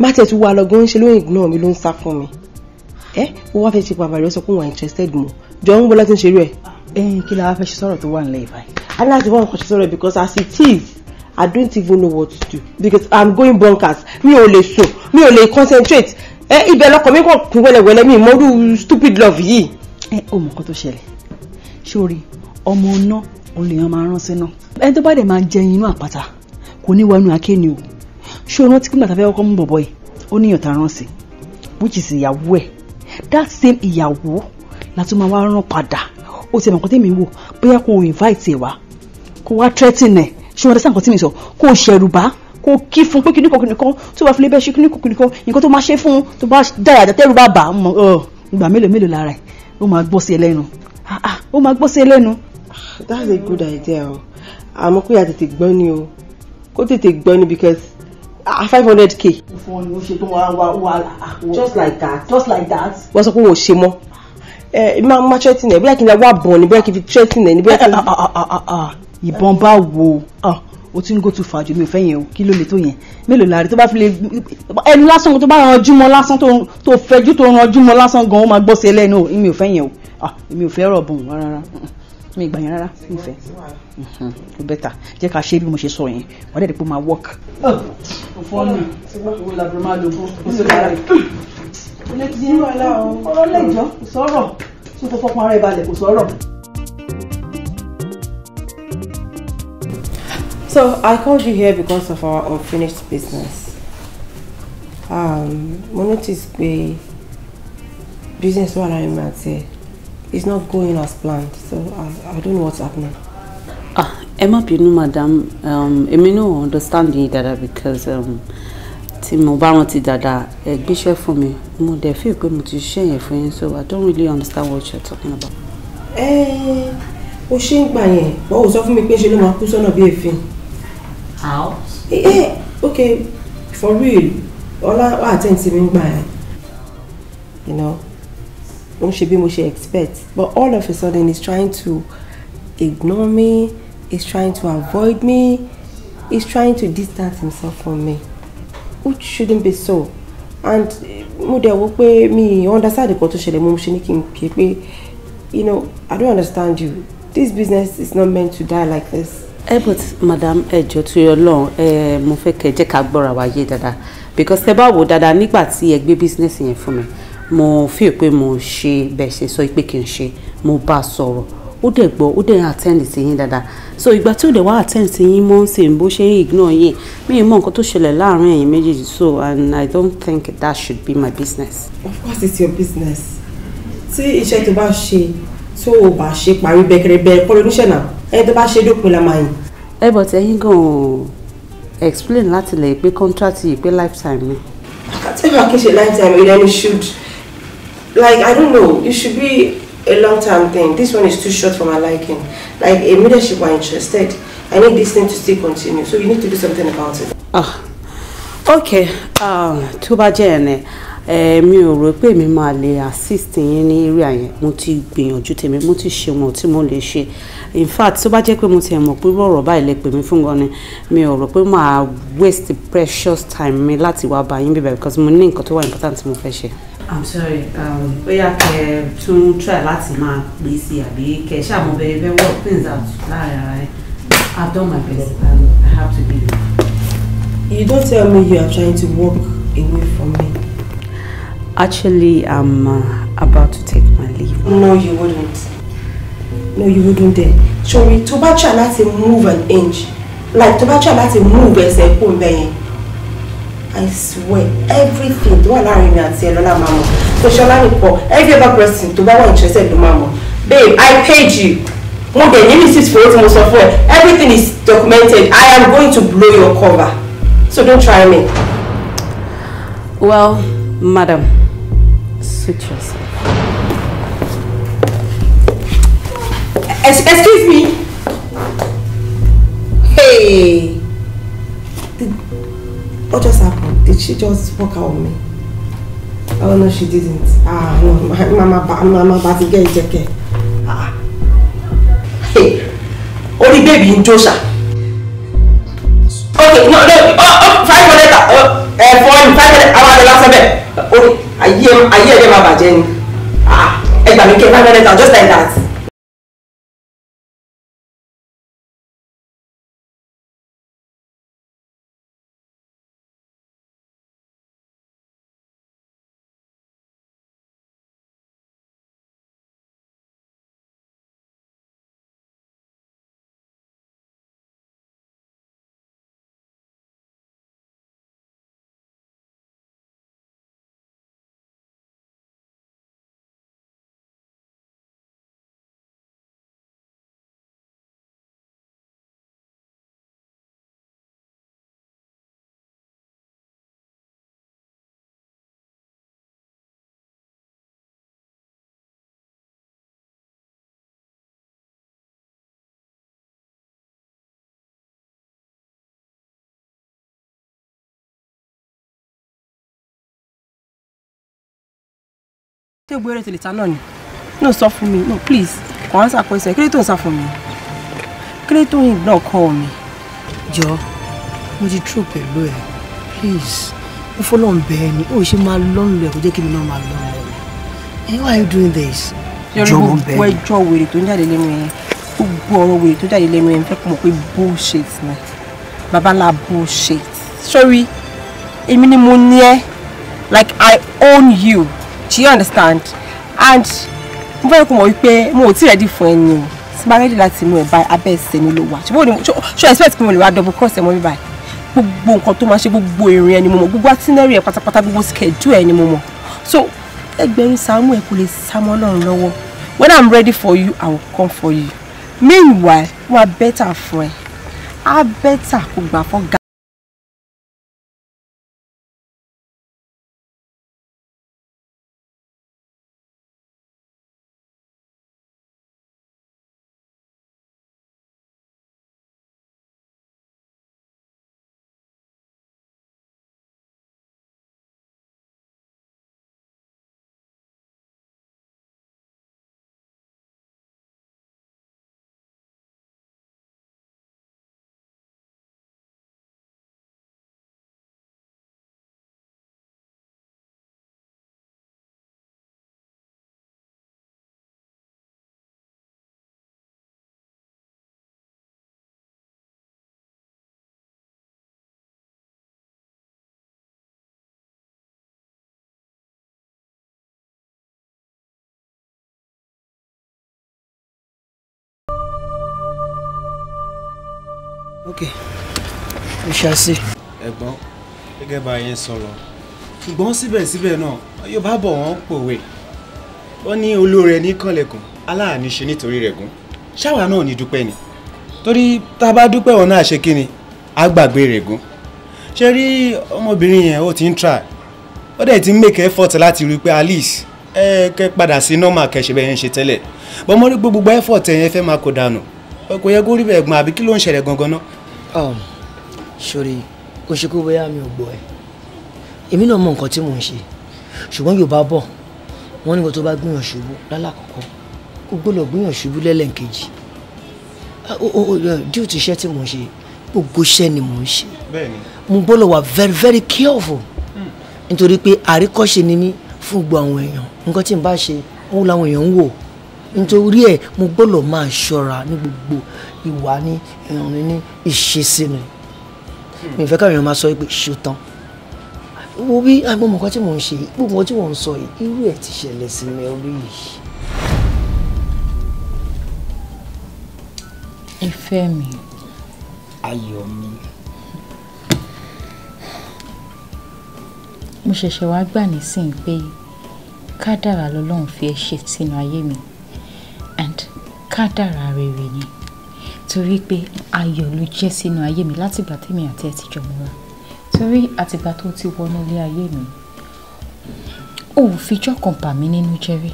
má tẹ̀ tún wà lọ́gán ń ṣe lóyìn náà mi ló ń sá fún mi ẹ wọ́n wá fẹ́ ṣe bàbá rẹ̀ sọ pé wọ́n interested mọ́ jọ ń bọ́lá tí ń ṣe rú ẹ̀. ẹyin kí la wá fẹ́ ṣe sọ̀rọ̀ tó wà nílẹ̀ ìbáyìí. a ní láti wá nǹkan ṣe sọ̀rọ̀ because as it is I don't even know what to do because I'm going bonkers mi ò lè sùn mi ò lè concentrate ẹ ibẹ̀ lọkọ̀ mi kàn kún wẹ́lẹ́wẹ́lẹ́ mi mọ́rú stupid love yìí. ẹ o mọ̀ nǹkan tó ṣẹlẹ̀ sórí ọmọ náà òun lèèyàn máa rán sínú. ẹni tó bá dẹ̀ máa jẹ inú àpáta kò ní wọnú akéènì o ṣé o rántí pípa tàbí ọkọ mú bọ̀bọ̀ yìí ó níyàn tá a rán sí which is ìyàwó ẹ̀ that same ìyàwó la tún máa wá rán padà ó ti mọ̀ nǹkan tẹ́mi wò bóyá kò invite ẹ̀ wá kò wá threaten ẹ̀ ṣé wọ́n dẹ́sẹ̀ nǹkan tẹ́mi sọ kò ṣẹ̀rù bá kò kí fún pé kíníkan kíníkan tó bá fi lé bẹ́ẹ̀ ṣe kíníkan kíníkan nǹkan tó máa ṣe fún tó bá dáyà tẹ́rù bá bà á mọ̀ ọ́ ìgbà mélòó mélòó lára ẹ̀ ó máa gbọ́ sí ẹlẹ́nu ah, ah, ó máa gbọ́ sí ẹlẹ́nu that's a good idea o àmọ́ kó yà tètè gbọ́n ni o kó tètè gbọ́n ni because ah, five hundred k. fún ọ ṣe tó wàá wà wà ah, just like that just like that. wọ́n sọ pé wọ́n ò ṣe mọ́ ẹ máa máa threatening ẹ bóyá kí n lè wá bọ̀ ni bóyá kí n fi threatening ẹ ni bóyá kí ah, ìbọn bá wo o ti ń go too far ju mi ò fẹ́ yẹn o kí ló lè tó yẹn mélòó la rí tó bá fi lè ẹnu lásán tó bá ranjú mọ́ lásán tó fẹjú tó ranjú mọ́ lásán gan-an ó máa gbọ́ sí ẹlẹ́nu o mi ò fẹ́ yẹn o mi ò fẹ́ rọ̀ bùn rárá mi gbà yẹn rárá mi fẹ́ ó mhm, bẹ́tà jẹ́ ká ṣe bí mo ṣe sọ yẹn wọ́n dẹ̀ di pé ó máa work. òfò ọ̀nà làbúrò máa lò fún oṣù kára ilé ti ní wàhálà ọ̀rọ̀ lẹ́jọ́ kò sọ̀rọ̀ tó fọ́ fọ́pọ́n ara ìbalẹ̀ kò sọ̀rọ̀. So I called you here because of our unfinished business. Um, mo notice pé business wà láàrin mi àti ẹ̀ it's not going as planned so I, I don't know what's happening. ah Emma, má bínú madam um, èmi um, náà understand yín dáadáa because um, tí mo bá rántí dáadáa ẹ gbéṣẹ́ fún mi mo dẹ̀ fi pé mo ti ṣiṣẹ́ yẹn fún so I don't really understand what you're talking about. Eh, o ṣe ń gbà yẹn wọn ò sọ fún mi pé ṣe ló máa kú sọ́nà how. ẹ ẹ for real ọlá wà á tẹ̀ ń ti You know? ó ń ṣe bí mo ṣe expect but all of a sudden he's trying to ignore me he's trying to avoid me he's trying to distance himself from me which shouldn't be so and eh, mo dẹ̀ wo pé mi understand nǹkan tó ṣẹlẹ̀ mo ṣe ní kí n pè pé you know I don't understand you this business is not meant to die like this. ẹ eh, but madam ẹ jọ tó yọ lọrun ẹ mo fẹ́ kẹ́ jẹ́ ká gbọ́ra wa dáadáa because tẹ́ bá wò dáadáa nígbà tí ẹ gbé business yẹn fún mi mo feel pé mo ṣe bẹ́ẹ̀ ṣe sọ pé kí n ṣe mo bá a sọ̀rọ̀ ó dẹ̀ gbọ́ ó dẹ̀ attend sí yín dáadáa so ìgbà tí ó dẹ̀ wá attend sí yín mọ́ ń bó ṣe ń ignore yín mi mọ nǹkan tó ṣẹlẹ̀ láàárín ẹ̀yin méjèèjì so and I don't think that should be my business. of course it's your business tí iṣẹ́ tó bá ṣe tó o bá ṣe parí bẹ́kẹ́rẹ́bẹ́ kọ́ ló níṣẹ́ náà ẹni tó bá ṣe dópin la máa yìn. ẹ bọ̀ tẹ́yìn gan-an explain láti lè pé contract yìí pé lifetime ni. àti ìgbà kí ṣe lifetime ìlànà should like I don't know, it should be a long term thing. This one is too short for my liking. Like a leadership are interested. I need this thing to still continue. So you need to do something about it. Ah. Okay. Um tó bá jẹ́ ene eh mi ò rò pé mi máa lè assist yín ní area yẹn. Mo ti gbìyànjú tèmi, mo ti ṣe wọn tí mo lè ṣe. In fact, tó bá jẹ́ pé mo ti mọ̀ pé ọ̀rọ̀ báyìí lè pè mí fún gan ni, mi ò rò pé máa waste precious time mi láti wá bá yín bí because mo ní nǹkan tó wà important tí mo fẹ́ ṣe i'm sorry um, bóyá kẹ tún try láti máa pè é sí àbí kẹ ṣàmùbẹ̀rẹ̀ bẹ́ẹ̀ work things out láàrin ara ẹ̀ i've done my best and i have to be there. you don't tell me you are trying to walk away from me. actually i'm uh, about to take my leave. no you wouldn't no you wouldn't dare sori to bá try láti move an inch like to bá try láti move ẹsẹ̀ kó ń bẹ̀yẹn. I swear everything to wà láàrin mi àti ẹlọ́lá Mama. So tó ṣọlá nìpọ̀ every other person tó bá interested ló Mama. babe I paid you mo dẹ̀ ní receipt for wetin mo sọ fún everything is documented I am going to blow your cover so don't try me. well madam suit yourself. Excuse me. Hey. What just happened? Did she just walk out on me? Oh no, she didn't. Ah no, my mama, mama, bati get jeke. Ah. Hey, only baby in Josha. Okay, no, no. Oh, oh, five later. Oh, eh, four, five minutes. I want the last one. Oh, I hear, I hear them about Jenny. Ah, I can't make five minutes. Just like that. ṣé gbogbo eré tó lè náà ni no sọ fún mi no please kò answer question kí ló tó ń sá fún mi kí ló tó ń ignore call mi. jọ mo ti true pẹ̀lú ẹ please mo fọlọ́ ń bẹ ẹ ni ó ṣe máa lọ́nu rẹ kò jẹ́ kí mi náà máa lọ́nu rẹ eh, why are you doing this. jọ mo bẹ ẹ yọrí gbogbo ẹjọ́ wèrè tó ń jáde lẹ́nu ẹ gbogbo ọ̀rọ̀ wèrè tó jáde lẹ́nu ẹ fẹ́ mọ̀ pé bullshit ni baba ńlá bullshit sorry èmi ni mo ní ẹ like i own you do you understand and mo fẹ́ kó mọ̀ wípé mo ò tí ready fún ẹni o tí bá ready láti mú ẹ̀ bá abẹ́ ẹsẹ̀ mi ló wà ṣùgbọ́n ṣó expect pé mo lè wá double cross ẹ̀ mọ́ bíbá ẹ̀ gbogbo nǹkan tó máa ṣe gbogbo ìrìn ẹni mo mọ̀ gbogbo itinerary ẹ̀ pátápátá gbogbo schedule ẹni mo mọ̀ so ẹgbẹ̀rún Samuel kò lè sá mọ́ Ọlọ́run lọ́wọ́ when i'm ready for you i will come for you meanwhile mo are better friend i better kò gbà fọ́ ga. okay we shall see. ẹ̀gbọ́n gẹ́gẹ́ bá yẹn sọ̀rọ̀ ṣùgbọ́n síbẹ̀síbẹ̀ náà yorùbá bọ̀ wọ́n pòwe wọ́n ní olóore ẹni kànlẹ̀kùn aláàánú ṣe nítorí rẹ̀ gùn ṣáwa náà ní dúpẹ́ ni torí tá a bá dúpẹ́ wọn náà ṣe kí ni á gbàgbé rẹ̀ gùn ṣe rí ọmọbìnrin yẹn ó ti ń try ó dẹ̀ ti ń make effort láti rí i pé alice ẹ kẹ́ padà sí normal kẹ́ ṣe bẹ́ẹ̀ yẹn ṣe tẹ́lẹ̀ bọ́n gbogbo effort yẹn fẹ́ máa kó dànù kò yẹ kó rí bẹ́ẹ̀ gbọ́n àbí kí ló ń ṣẹlẹ̀ gangan náà. Um, sori o ṣe kó bóyá mi ò gbọ́ ẹ èmi náà mọ nǹkan tí mò ń ṣe ṣùgbọ́n yorùbá bọ̀ wọ́n ní kó tó bá gbìyàn ṣubú lálàkọ́kọ́ kó gbọ́dọ̀ gbìyàn ṣubú lẹ́lẹ́ǹkejì ah, eh, díò tí tí mò ń ṣe gbogbo iṣẹ́ ni mò ń ṣe mo gbọ́dọ̀ wà very very careful hmm. nítorí pé àríkọ́ṣe ni mí fún gbogbo àwọn èèyàn nǹkan tí n bá ṣe òun làwọn èèyàn ń wò nítorí ẹ̀ mo gbọ́dọ̀ máa ṣọ́ra ní gbogbo ìwà ní ìrìn ní ìṣesí mi mi fẹ́ káwọn èèyàn máa sọ pé ṣetán wo bí agbọ́mọ̀ ah, kan tí mò ń ṣe gbogbo tí mò ń sọ yìí irú ẹ̀ ti ṣẹlẹ̀ sí mi orí yìí. ìfẹ́ mi. ayọ̀ mi. mo ṣẹ̀ṣẹ̀ wá gbà nísìnyí pé kádàrá lọ́lọ́run fi ẹ́ ṣe sínú ayé mi and kádàrá rere ni torí pé ayọ̀ ló jẹ́ sínú ayé mi látìgbà tèmi àti ẹ̀ ti jọ múra torí àtìgbà tó ti wọnú ilé ayé mi ò fijọ́ kan bà mí nínú jẹ́ rí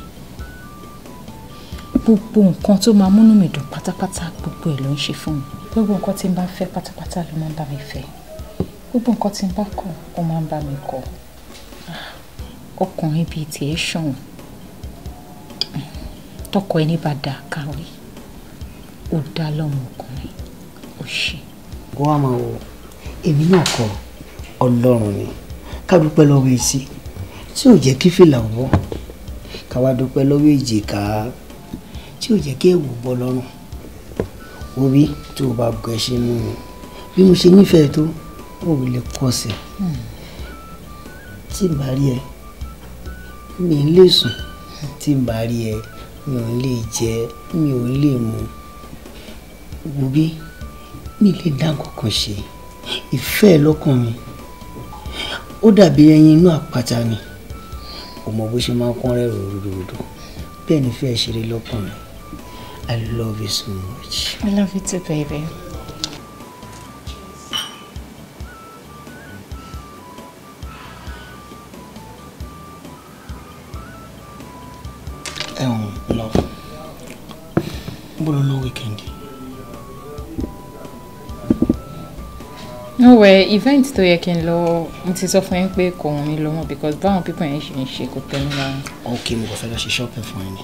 gbogbo nǹkan tó máa múnú mi dùn pátápátá gbogbo ẹ̀ ló ń ṣe fún mi gbogbo nǹkan tí n bá fẹ́ pátápátá ló máa ń bá mi fẹ́ gbogbo nǹkan tí n bá kọ̀ ó máa ń bá mi kọ̀ ah, ọkùnrin bíi tiẹ̀ ṣọ̀hún tọkọ ẹni bá dà kárí ó dá lọ́mọkùnrin ó ṣe. wọ́n á máa wo èmi náà kọ ọlọ́run ni ká dúpẹ́ lọ́wọ́ etí tí ò jẹ́ kí fìlà wọ́ ká wá dúpẹ́ lọ́wọ́ èjìká tí ò jẹ́ kí èwù bọ́ lọ́rùn orí tó o bá gbọ́ ṣe mú mi bí mo ṣe nífẹ̀ẹ́ tó ò lè kọsẹ̀ tí n bá rí ẹ mi ń lè sùn tí n bá rí ẹ mi ò lè jẹ mi ò lè mu gbogbo mi lè dá kankan ṣe ìfẹ́ lọ́kàn mi ó dàbí ẹyin inú àpáta ni kò mọ bó ṣe máa ń kán ròdòdò bẹ́ẹ̀ ni fẹ́ ṣeré lọ́kàn mi I love you so much. I love you too, baby. bó ló lọ no wẹ event to yẹ kí n lọ mo ti sọ fún yín pé kò wọ́n mi lọ mọ́ because báwọn pípọ̀ yẹn ṣe ń ṣe kò tẹ́ mi lára. ok mo kò fẹ́ lọ ṣe shopping fún yín ni.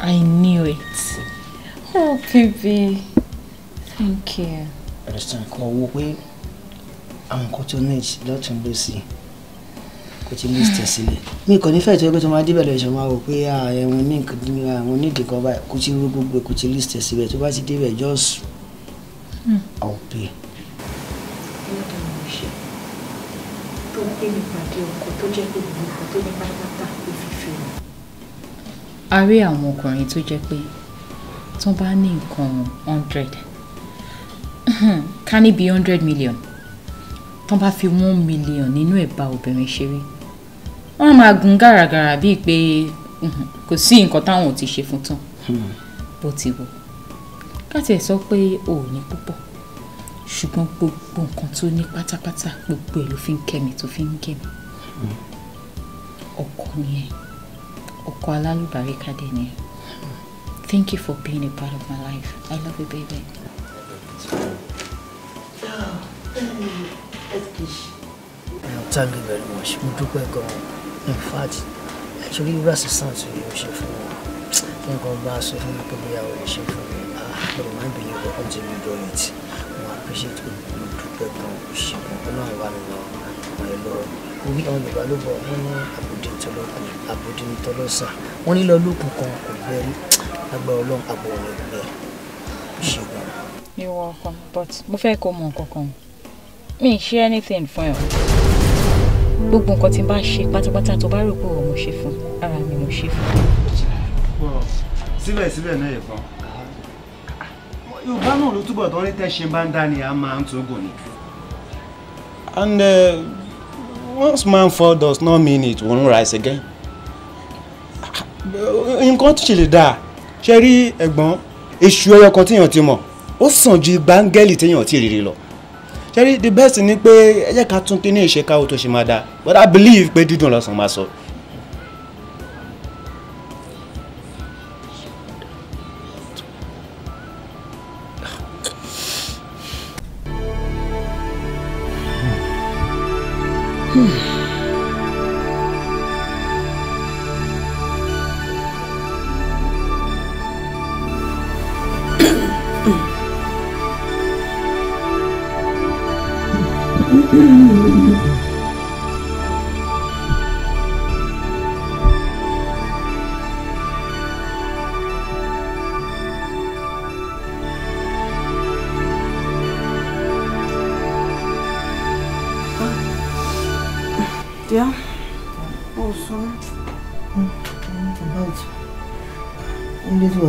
i knew it oh baby thank you. ẹ̀rọ sàn kan wo pé àwọn nǹkan tó ní lọ́tún lọ́sìn o ti list ẹ sílẹ̀ mi kò nífẹ̀ẹ́ tó yẹ pé tó máa débẹ̀ lọ́jọ́ máa wò pé àwọn ní àwọn nídìí kan báyìí kò ti rú gbogbo kò ti list ẹ síbẹ̀ tó bá ti débẹ̀ just hmm. ọ̀pẹ. pé a rí àwọn ọkùnrin tó jẹ́ pé tó bá ní nǹkan hundred ká ní bíi hundred million tó bá fi one million nínú ẹ̀ bá obìnrin ṣeré wọ́n á máa gun gàràgàrà bíi pé kò sí nǹkan táwọn ò ti ṣe fún tán hmm. bó ti wọ̀ káti ẹ̀ sọ pé o ò ní púpọ̀ ṣùgbọ́n gbogbo nǹkan tó ní pátápátá gbogbo ẹ̀ ló fi ń kẹ́mi tó fi ń kẹ́mi hmm. ọkọ nìyẹn ọkọ alálùbáríkà dé nìyẹn thank you for being a part of my life i love you baby. Oh, thank you very much. Mo dúpẹ́ gan in fact actually wúrà sísan tó yẹ ṣe fún mi kí nǹkan bá a sọ fún mi pé bóyá o lè ṣe fún mi but, máa ń bèèrè ọkọ tí mi dọ̀ yìí tí mo appreciate o mo dúpẹ́ gan ṣùgbọ́n ọlọ́run wà mí lọ wọ́n ẹ lọ orí àwọn yorùbá ló bọ̀ wọ́n ní àbòdì tọlọ́kùn àbòdì tọlọ́sà wọ́n nílò olókùn kan kò gbẹ agbára ọlọ́run àbò rẹ̀ gbẹ ṣùgbọ́n. ìwọ ọkàn but mo fẹ́ kó mọ nǹkan kan mi ì ṣe anything fún ẹ gbogbo nǹkan tí n bá ṣe pátápátá tó bá rò pé òun mo ṣe fún ara mi mo ṣe fún. síbẹ̀síbẹ̀ náà yìí kan yorùbá náà ló túbọ̀ tán ní tẹ̀sìn bá ń dá ni a máa ń tóògùn ni. and uh, once man fall does not mean it won't rise again. nǹkan tó ṣe lè dáa ṣe rí ẹ̀gbọ́n èṣù ẹyọ kan téèyàn ti mọ̀ ó sàn ju gbáńgẹ́lì téèyàn ti rírì lọ ṣẹ́rí the best ni pé ẹ jẹ́ ká tún kí ní ìṣe káwọ́ tó ṣe máa dáa but I believe pé dídùn lọ́sàn-án máa sọ.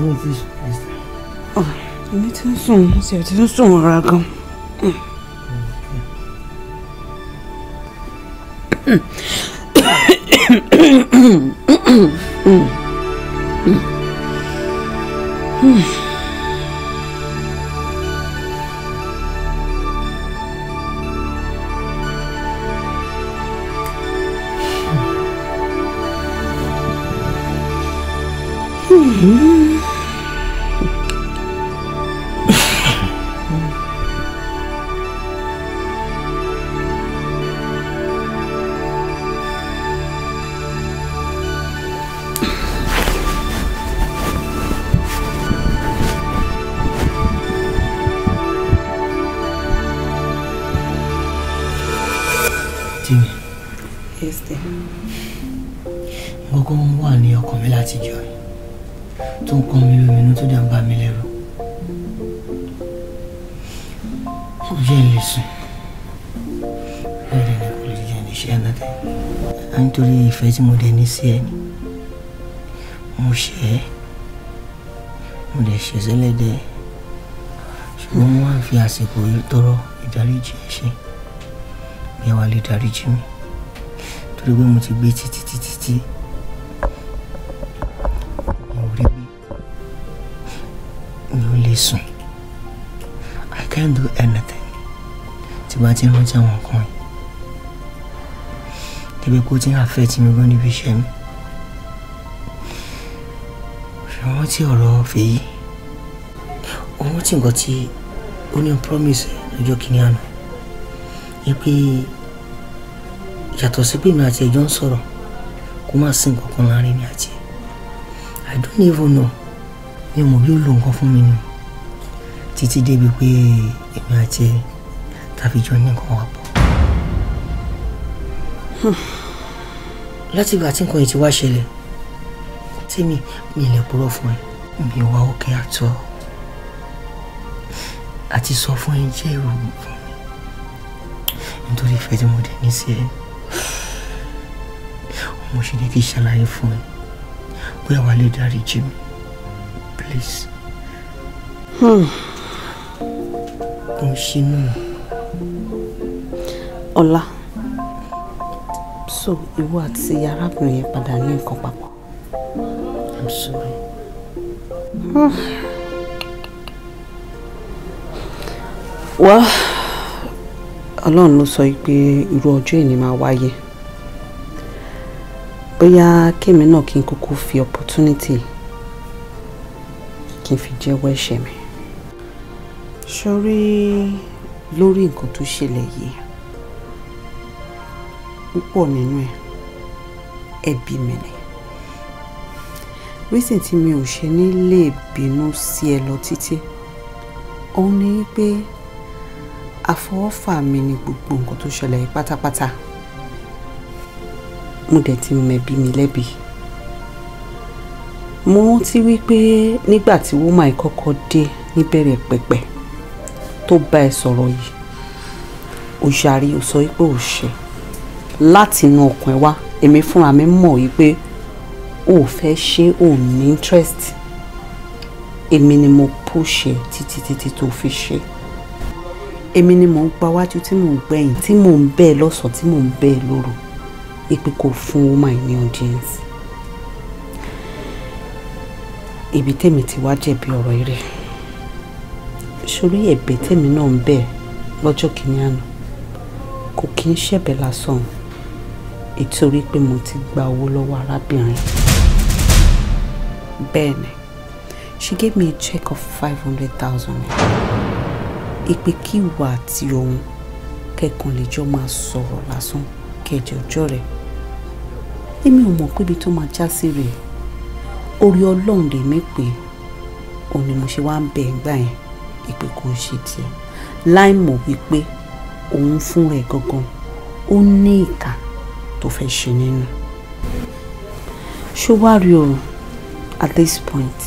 我自己来撒。哦，你真送，姐真送我个。嗯。嗯。sí ẹ ni mo ṣe é mo lè ṣe sẹ́lẹ̀dẹ́ ṣùgbọ́n mo fi àsìkò yìí tọrọ ìdáríjì ẹ̀ṣẹ̀ bí ẹ lè dáríjì mi torí pé mo ti gbé títí títí tí mi rí gbé mi ò lè sùn I can't do anything tí bá ti rántí àwọn kan yìí débi kó ti ń affect mi gan níbi iṣẹ́ mi ṣùgbọ́n tí ọ̀rọ̀ fèyí òun tí nǹkan tí ó ní promise lọ́jọ́ kìíní àná ni pé yàtọ̀ I don't even know mi ò mọ̀ bí ó lo nǹkan fún mi ni títí débi pé èmi àti ẹ̀ tàbí jọ ní nǹkan wà pọ̀. Hmm láti ìgbà tí nǹkan yìí ti wá ṣẹlẹ̀ tèmi mi lè purọ́ fún ẹ mi wá òkè àtọ́ àti sọ fún ẹ jẹ́ ìròyìn fún mi nítorí ìfẹ́ tí mo dé ní sí ẹ mo ṣe ní kí ṣàlàyé fún ẹ bóyá wàá lè dárí jì mí please. ó hmm. ń ṣinú. ọ̀la. Hmm so ìwọ àti arábìnrin yẹn padà ní nǹkan papọ̀. I'm sorry. wá ọlọ́run ló sọ pé irú ọjọ́ ìní máa wáyé bóyá kémi náà kí n kúkú fi opportunity kí n fi jẹ́wọ́ ẹ̀ṣẹ̀ mi. sórí lórí nǹkan tó ṣẹlẹ̀ yìí púpọ̀ nínú ẹ̀ ẹbí mi ni reason tí mi ò ṣe ní lè bínú sí ẹ lọ títí òun ni pé àfọwọ́fà mi ni gbogbo nǹkan tó ṣẹlẹ̀ pátápátá mo dẹ̀ ti mẹ̀bi mi lẹ́bi mo rántí wípé nígbà tí wúmà ìkọ́kọ́ dé níbẹ̀rẹ̀ pẹ̀pẹ̀ tó bá ẹ sọ̀rọ̀ yìí ó yarí ó sọ pé ó ṣe láti inú ọkàn ẹ wá èmi fúnra mi mọ̀ wípé o ò fẹ́ ṣe o ò ní interest èmi ni mo push ẹ títí títí tó fi ṣe èmi ni mò ń pa wájú tí mò ń gbẹ̀yìn tí mò ń bẹ́ẹ̀ lọ́sàn-án tí mò ń bẹ́ẹ̀ lóru ìpè kò fún woman ní audience ibi tèmi ti wá jẹ̀bi ọ̀rọ̀ eré sórí ẹ̀bẹ̀ tèmi náà ń bẹ̀ lọ́jọ́ kìíní àná kò kí ń ṣẹ̀bẹ̀ lásán o ìtorí pé mo ti gba owó lọ́wọ́ arábìnrin. bẹ́ẹ̀ she gave me a check of five hundred thousand naira ìpè kí ìwà àti òun kẹkàn lè jọ máa sọ̀rọ̀ lásán kẹjọ ọjọ́ rẹ̀ èmi ò mọ̀ pé ibi tó máa já sí rèé orí ọlọ́run rè mí pé òun ni mo ṣe wá ń bẹ̀ ẹ́ yẹn ìpè kò ṣe tiẹ̀ láì mọ̀ wípé òun fún rẹ̀ gangan ó ní ìka tó fẹ́ ṣe nínú ṣó wá o at this point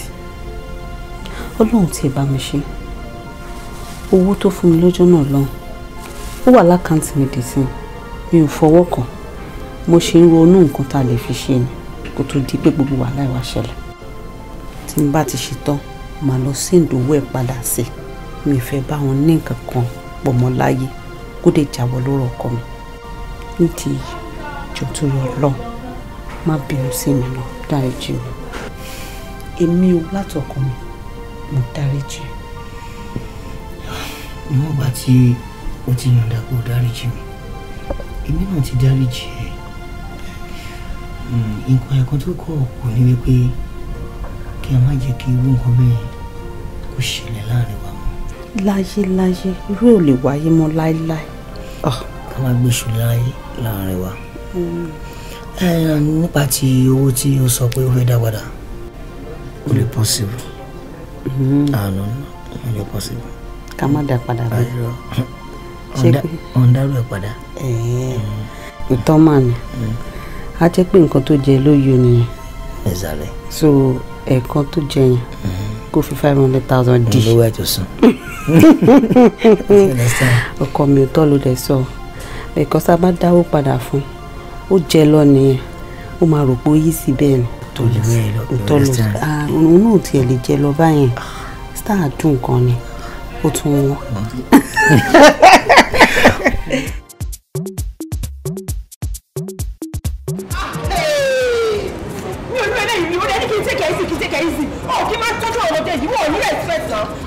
ọlọ́run ti bá mi ṣe owó tó fún mi lọ́jọ́ náà lọ́hùn ó wà lákàntì mi dìtì mi ò fọwọ́ kàn mo ṣe ń ronú nǹkan tá a lè fi ṣe ni kó tó di pé gbogbo wàhálà ìwà ṣẹlẹ̀ tí n bá ti ṣetán màá lọ sí ìdòwú ẹ̀ padà sí mi fẹ́ bá wọn ní nǹkan kan pọ̀ mọ́ láyé kó dé jáwọ́ lórọ̀ ọkọ mi ní jọ tó yọ lọ má bínú sí mi lọ dáríjì mi èmi ò látọkàn mi mo dáríjì. níwọ̀n bá tí o ti yànda kó dáríjì mi èmi náà ti dáríjì ẹ̀ hmm, nǹkan ẹ̀kan tó kọ̀ kò ní wípé kí a má jẹ́ kí irú nǹkan bẹ́ẹ̀ kó ṣẹlẹ̀ láàrin wa mọ́. láyé láyé irú ò lè wáyé mọ́ láéláé. Ah, ká má gbèsè láyé láàrin wa nípa ti owó tí o sọ pé o fẹ́ dá padà o lè possible àná o lè possible. ká má dá padà bẹ́ẹ̀ ṣé pé ọ̀n dárò ẹ̀ padà. ìtọ́ mà ni a jẹ́ pé nǹkan tó jẹ lóyún nìyẹn. ẹ̀sàlẹ̀. so ẹ̀ẹ̀kan tó jẹ yẹn mm-hmm. kó fi five hundred thousand di. olówó ẹ̀jọ̀ sùn. ọkọ mi ò tọ́ ló dẹ̀ sọ ẹ̀kọ́ sábà dáwó padà fún un ó jẹ lọ nìyẹn ó máa rò pé ó yí sí bẹ́ẹ̀ ni tó lè rẹ lọ ah, òun náà tiẹ̀ lè jẹ lọ báyẹn star dùn kan ni ó tún wọ́n.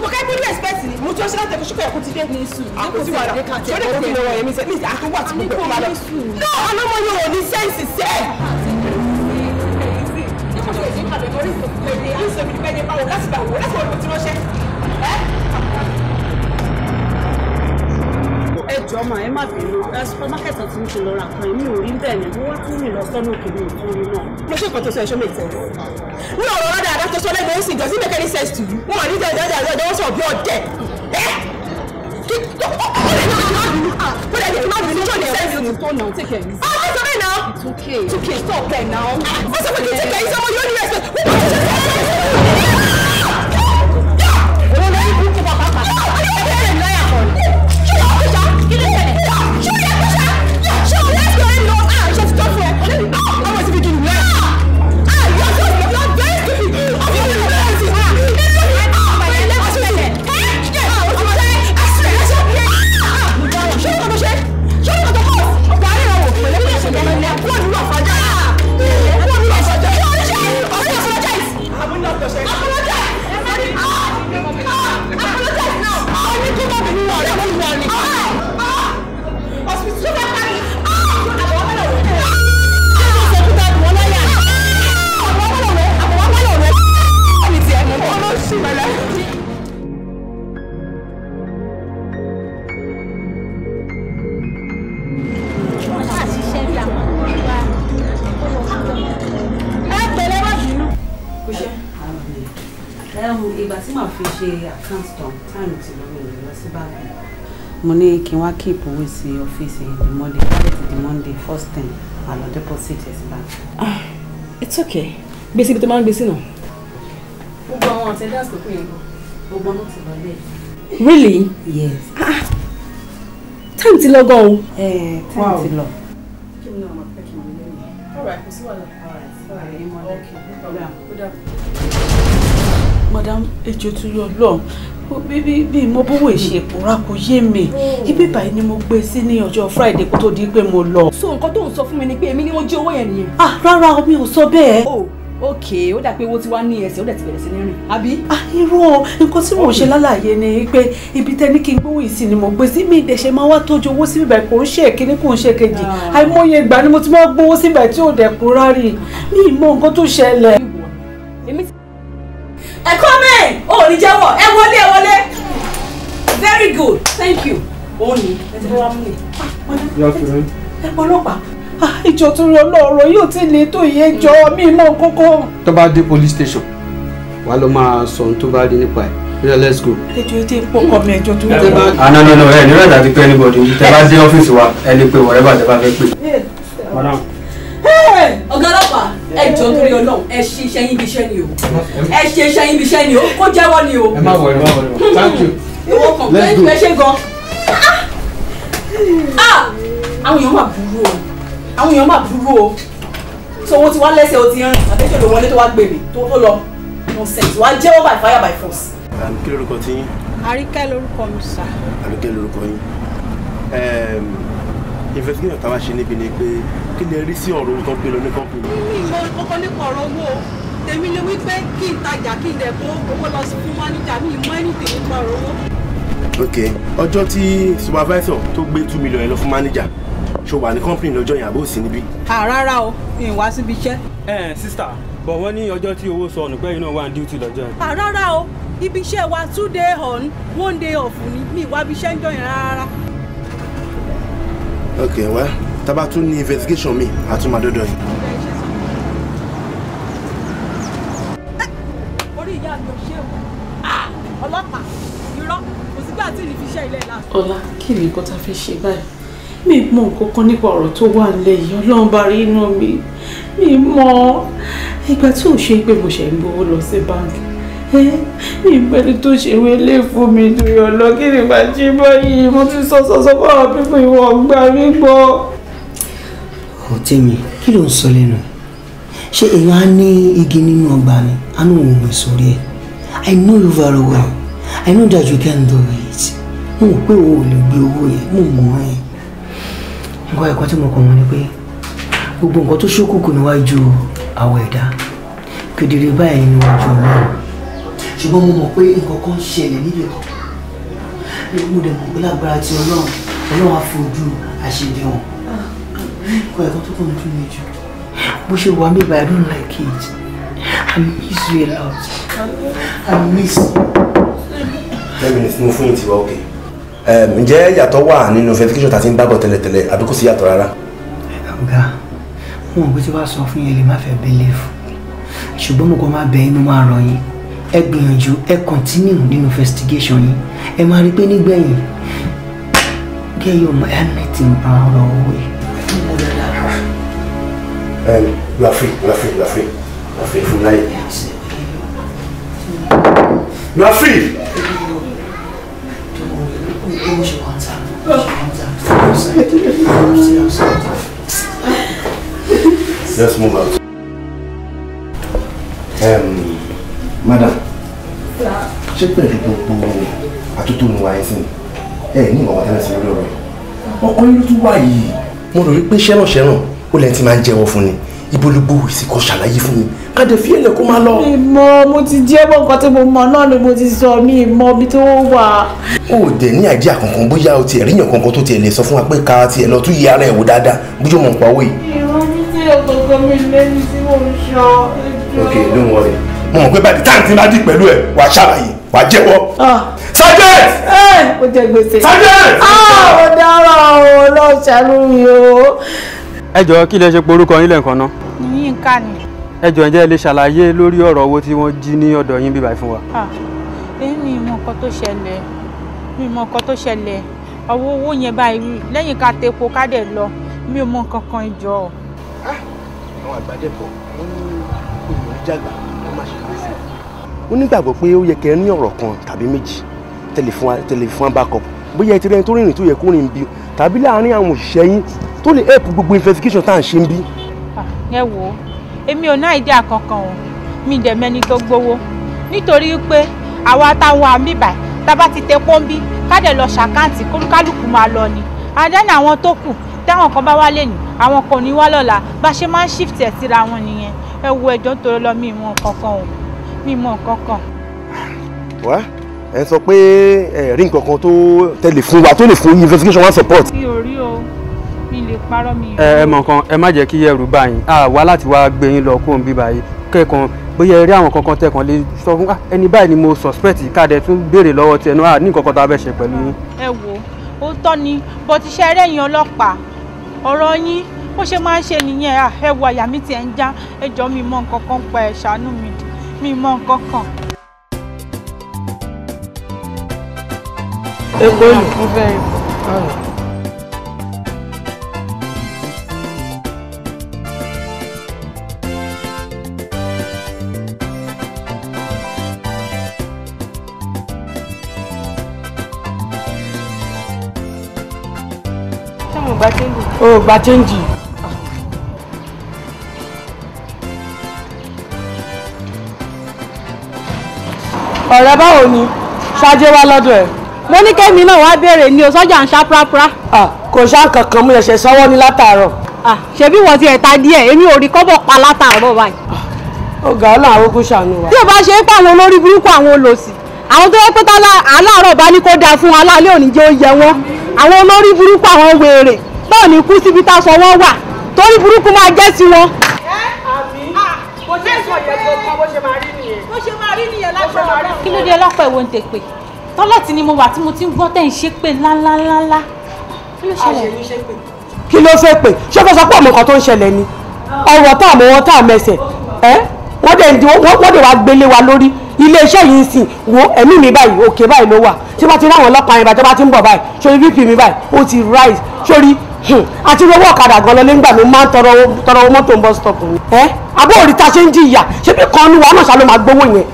mo kẹ́ pé respect tí wọ́n ṣe láti ẹ̀kọ́ ṣùkọ́ ẹ̀kọ́ ti dé. ní sùn àpò tí wàrà ṣọdẹ kò kí lọ́wọ́ yẹmi sẹ́ ní àtúwà tí mo gbẹ̀ fún wa lọ. no ọlọ́mọ yóò ní sẹ́ǹsì sẹ́. ẹ jọ̀ọ́ mà ẹ má bínú ẹ supermarket ọtún ti lọ ra kan èmi ò rí bẹ́ẹ̀ ni wọn tún rìn lọ sọnù òkèlè òkun rí náà. mo ṣe ìkọ̀tọ̀ sọ ẹ̀ṣọ́ mi tẹ̀. ní ọ̀rọ̀ rádà àdàtọ̀ sọ lẹ́gbẹ̀ẹ́ sì jọ sí mẹ́kẹ́rì sẹ́ẹ̀sì tù ú wọn ò ní jẹ́ ìdájà àjọ ìdáwọ́sọ̀ bí ọ̀dẹ̀. It's okay. It's okay. Stop there now. What's up with you? Take care. Someone you only respect. ìgbà tí màá fi ṣe account tán táìmù ti lọ mi lọ sí báńkì. mo ní kí n wá kí ìpòwé sí ọ́fíìsì the monday láti the monday first ten màá deposit ẹ̀ sí báńkì. ah it's okay gbèsè ibi tó máa ń gbèsè náà. gbogbo àwọn àtẹ̀dá àsìkò yẹn kọ gbogbo náà ti lọ really. yes. ah táìmù ti lọ gan o. ẹ eh, táìmù ti lọ. kí ni àwọn akẹ́kọ̀ọ́ mi lẹ́yìn. all right kò sí wàhálà. all right all right. okay. okay. okay. okay. okay. okay. okay madam ejò tún yọ lọ́hùn bí bí mo bówó ìṣe ìpòrá kò yé mi ibi báyìí ni mo gbé e sí ní ọjọ́ friday kó tó di pé mo lọ. so nǹkan tó ń sọ fún mi ni pé èmi ni wọ́n jí owó yẹn nìyẹn. ah rárá mi ò sọ bẹ́ẹ̀. o oh, ok ó dà pé owó ti wá ní ẹsẹ̀ ó dẹ̀ ti bẹ̀rẹ̀ sí ní rìn àbí. ah irọ́ nǹkan tí mò ń ṣe lálàyé ni pé ibi tẹ́ni kí n gbówó ìsìn ni mo gbé sí mi ìdẹ̀ṣẹ̀ máa wá tọ́jú owó sí ibẹ̀ kò ń ṣe kíní kò ń ṣe kejì ah. àìmọye ìgbà ni mo ti máa gbówó síbẹ̀ tí ò dẹ̀kun rárí mi ì mọ nǹkan tó ṣẹlẹ̀. ti ẹ kọ́ mẹ́ẹ̀ ò ní jẹ́wọ́ ẹ wọlé ẹ wọlé very good thank you òun ni ẹ ti fẹ́ wá mú mi. ẹ pọ̀ ọlọ́pàá ah, ìjọ tó rọ lọ́rọ̀ yóò ti lè tó iye jọ mí mọ́ kókó. tó bá dé police station wà ló máa sọ ohun tó bá rí nípa ẹ nílẹ̀ let's go. ètò ètò ìpọkọ mi ẹjọ tó ń tẹ. àná nínú ẹ ah, nílẹ̀ ìdájú pé anybody tẹ bá dé ọ́fíìsì wa ẹ lè pe whatever tẹ bá fẹ́ pè. ọ̀gá ọlọ́pàá ẹ jọ nítorí Ọlọ́run ẹ ṣe iṣẹ́ yín bí iṣẹ́ ni o ẹ ṣe iṣẹ́ yín bí iṣẹ́ ni o kó jẹ́wọ́ ni o. ẹ má wọlé má wọlé thank you. ìwọ kàn pé ṣe gan. Ah! Ah! àwọn èèyàn máa burú o àwọn èèyàn máa burú o tí owó lẹ́sẹ̀ o ti àtẹ́jọ́ ló wọlé tó wá gbé mi tó lọ nonsense wàá jẹ́wọ́ by fire by force. kí lorúkọ ti yín. àríkẹ́ lorúkọ mi sà. àríkẹ́ lorúkọ yín investigation táwa ṣe níbi ni pé kí lè rí sí ọ̀rọ̀ tó ń pè lọ ní kọ́ńpìnì. mi mọ kókó nípa ọ̀rọ̀ owó tèmi ni wípé kí n tajà kí n dẹ̀ owó lọ sí fún máníjà mi mọ anything nípa ọ̀rọ̀ owó. ok ọjọ́ tí supervisor tó gbé two million yẹn lọ fún máníjà ṣó wà ní kọ́ńpìnì lọ́jọ́ yẹn àbó sí níbí. à rárá o mi wá síbi iṣẹ́. ẹ sísà bọ̀ wọ́n ní ọjọ́ tí owó sọ ọ̀nùpẹ́ yìí náà wà ní duty lọ́jọ́ yẹn. à rárá o ibi iṣẹ́ wa two day on one day off ni mi wá ibi iṣẹ́ ń jọyàn rárá ok wá tábà tún ní investigation mi àtúmọ̀dọ́dọ̀ yìí. orí ìyá mi ò ṣe é o ah! ọlọ́pàá irọ́ kò sígbà tí ìrìn fi ṣe ilé ìlà. ọlá kí ni nǹkan tá a fẹ́ ṣe báyìí mi mọ nǹkan kan nípa ọ̀rọ̀ tó wà nílẹ̀ yìí ọlọ́run bá rí inú mi mi mọ ìgbà tí ò ṣe pé mo ṣe ń gbowó lọ sí báńkì ìpẹ́ni tó ṣe wélé fún mi torí ọ̀lọ́ kí ni màá ṣe báyìí mo ti sọ sọ sọ fún àwọn pípọ̀ ìwọ̀n gbà mí gbọ́. kí ló ń sọ lẹ́nu ṣé èèyàn á ní igi nínú ọgbà ni á ní òun gbìn sórí ẹ̀ I know you very well I know that you can do it mo mọ̀ pé òun ò lè gbé owó yẹn mo mọ̀ ẹ́ nǹkan ẹ̀kọ́ tí mo kàn wọ́n ni pé gbogbo nǹkan tó ṣókùnkùn níwájú àwọn ẹ̀dá kedere báyìí níwájú Ọlọ́run ṣùgbọ́n mo mọ̀ pé nǹkan kan ṣẹlẹ̀ níbi kan mo dẹ̀ mọ̀ pé lágbára ti ọlọ́run ọlọ́run á fojú àṣejẹ hàn kọ ẹ̀kọ́ tó kàn dún mi jù bó ṣe wà mí but I like it I miss you a lot I miss you. ten minutes mo fún yín tiwa òkè ǹjẹ́ yàtọ̀ wà nínú verification tá a ti ń bábọ̀ tẹ́lẹ̀tẹ́lẹ̀ àbí kò sí yàtọ̀ rárá. ọ̀gá mo mọ̀ pé tí wàá sọ fún yẹn lè má fẹ́ bẹ́lẹ̀ fún ṣùgbọ́n mo kàn máa bẹ̀ inú máa rọ̀ yín ẹ gbìyànjú ẹ continue nínú investigation yìí ẹ máa rí pé nígbẹ̀yìn get your everything out of the way. Um, you are free, you are free, you fún láyé. You are free. Let's move out. Um, madam ṣé pẹ̀lú gbogbo àtúntòun wa ẹ̀sìn ẹ̀ ní ìwọ̀n tẹ́lẹ̀ sí lórí ọ̀rọ̀ ọkọ yín ló tún wà yìí mo rò wípé ṣẹ́ràn ṣẹ́ràn ó lẹ́yìn tí máa ń jẹ́wọ́ fún ni ibolugbo ìsì kan ṣàlàyé fún mi káde fi ẹlẹ kó máa lọ. ìmọ̀ mo ti jẹ́wọ́ nǹkan tí mo mọ̀ náà ni mo ti sọ mi ìmọ̀ ibi tó wà. ó dẹ̀ ní àìdí àkànkàn bóyá o tiẹ̀ ríyàn kankan tó tiẹ̀ lè sọ fún wa pé ká tiẹ̀ lọ tún yí ara ẹ̀ wò dáadáa bójú mọ̀ ń pa owó yìí. ìrọ̀ mi sí ọ̀gọ̀gọ̀ mi lẹ́ni tí mò ń ṣọ́. ok don't worry mo mọ̀ pé báyìí táǹtì máa dì pẹ̀lú ẹ̀ wà á ṣàlàyé wà á jẹ́wọ́. ẹ ah. o eh, jẹ gbèsè. sergeant. Ah, ó dára o lọ́ọ̀ṣẹ́ lórí o. ẹ jọ̀ọ́ kí lẹ ṣe porúkọ yín lẹ́ǹkan náà. Yínká ni. ẹ jọ̀ọ́ ǹjẹ́ lè ṣàlàyé lórí ọ̀rọ̀ owó tí wọ́n jí ní ọ̀dọ̀ yín bíbáyìí fún wa. èyí ni ìmọ̀ tó ṣẹlẹ̀ mi mọ̀ nǹkan tó ṣẹlẹ̀ ọwọ́ owó yẹn báyìí lẹ́yìn ká tepo ká dẹ̀ lọ mi ò mọ̀ kankan ìjọ. àwọn àgbàdẹ́bọ̀ wọ́n ní ìmọ̀ ìjàgbá má ṣe kéré sí i. ó nígbàgbọ́ pé ó yẹ kẹ́ ní ọ̀rọ̀ kan tàbí méjì tẹ̀lé fún backup bóyá ẹ ti rẹ́ni tó rìnrìn tó yẹ kó rìn bí tàbí láàárín àwọn òṣìṣẹ́ yín tó lè help gbogbo investigation tá à ń ṣe ń bí. ẹ wo èmi ò ná ìdí àkọ́kàn o mi dẹ̀ mẹ́ni tó gbowó nítorí pé àwa táwọn àmì báyìí ti tẹ pọ́ńbí ká lọ ṣàkáǹtì kólúkálùkù máa lọ ni àdáni àwọn tó kù táwọn kan bá wá lè àwọn kan ò ní wá lọ́la bá ṣe máa ń ṣìftì ẹ̀ síra wọn nìyẹn ẹ wo ẹjọ́ torí lọ mi ìmọ̀ kankan o mi ìmọ̀ kankan. wá ẹ sọ pé ẹ rí nǹkan kan tó tẹlẹ fún wa tó lè fún investigation wa support. mi ò rí o mi lè parọ́ mi. ẹ ẹ mọ̀ kan ẹ má jẹ́ kí ẹrù bá yín a láti wá gbé yín lọ kó ń bí báyìí kẹ́kọ̀ọ́ bóyá ẹ rí àwọn kankan tẹ̀kàn lè sọ fún ẹni báyìí ni mo suspect káàdẹ̀ tún béèrè lọ́wọ́ tiẹ̀ náà ní nǹkan kan tá a fẹ́ ṣe pẹ̀lú yín. ẹ wo ó tọ́ ni bó ti yín ọlọ́pàá ọ̀rọ̀ yín bó ṣe máa ń ṣe nìyẹn à àyà mi tiẹ̀ ń já ẹ mi mọ nǹkan kan pa ẹ̀ ṣàánú mi mi mọ nǹkan kan. epo yìí mo fẹ́ rí. o gba change. ọ̀rẹ́ báwo ni ṣáájú wá lọ́dọ̀ ẹ̀. mo ní kẹ́mi náà wá béèrè ni o sọ́jà ń ṣá prápra. kò ṣá kankan mo ṣẹ̀ṣẹ̀ sanwó ní látàárọ̀. ṣebí wọ́n ti ẹ̀ ta díẹ̀ èmi ò rí kọ́bọ̀ pa látàárọ̀ báyìí. ó ga ọ́ làwọn kò ṣàánú wa. bí o bá ṣe ń pa àwọn olórí burúkú àwọn olòṣì àwọn tó yẹ pé aláàárọ̀ bá ní kó dáa fún wa aláàlẹ́ òní jẹ́ ó yẹ àwọn olórí burúkú àwọn wèrè náà ní kú síbi tá a sọ wọ́n wà torí burúkú máa jẹ́ sí wọn ló dé ọlọ́pàá ẹ̀wọ̀n ń tèpè tọ́lẹ̀tì ni mo wà tí mo ti ń gbọ́ tẹ̀ ń ṣépè ńláńláńlá kí ló kí ló fẹ́ pè ṣé kò sọ pé ọmọ kan tó ń ṣẹlẹ̀ ni ọ̀rọ̀ tá àmọ́ wọn tá àmẹsẹ̀ ẹ́ wọ́n dẹ̀ wá gbélé wa lórí iléeṣẹ́ yìí ń wo ẹ̀mí mi báyìí òkè báyìí ló wà tí wọ́n ti ráwọn ọlọ́pàá yẹn bá tí ti ń bọ̀ báyìí sórí vp mi báyìí ó ti rise sórí àti rówó ọ̀kadà gan lọlé ńgbà mi máa ń tọrọ owó mọ́tò ń bọ́ stop mi. ẹ abóòrí ṣe ń jìyà ṣé bí kan ní wàhánà ṣá ló máa gbowó yẹn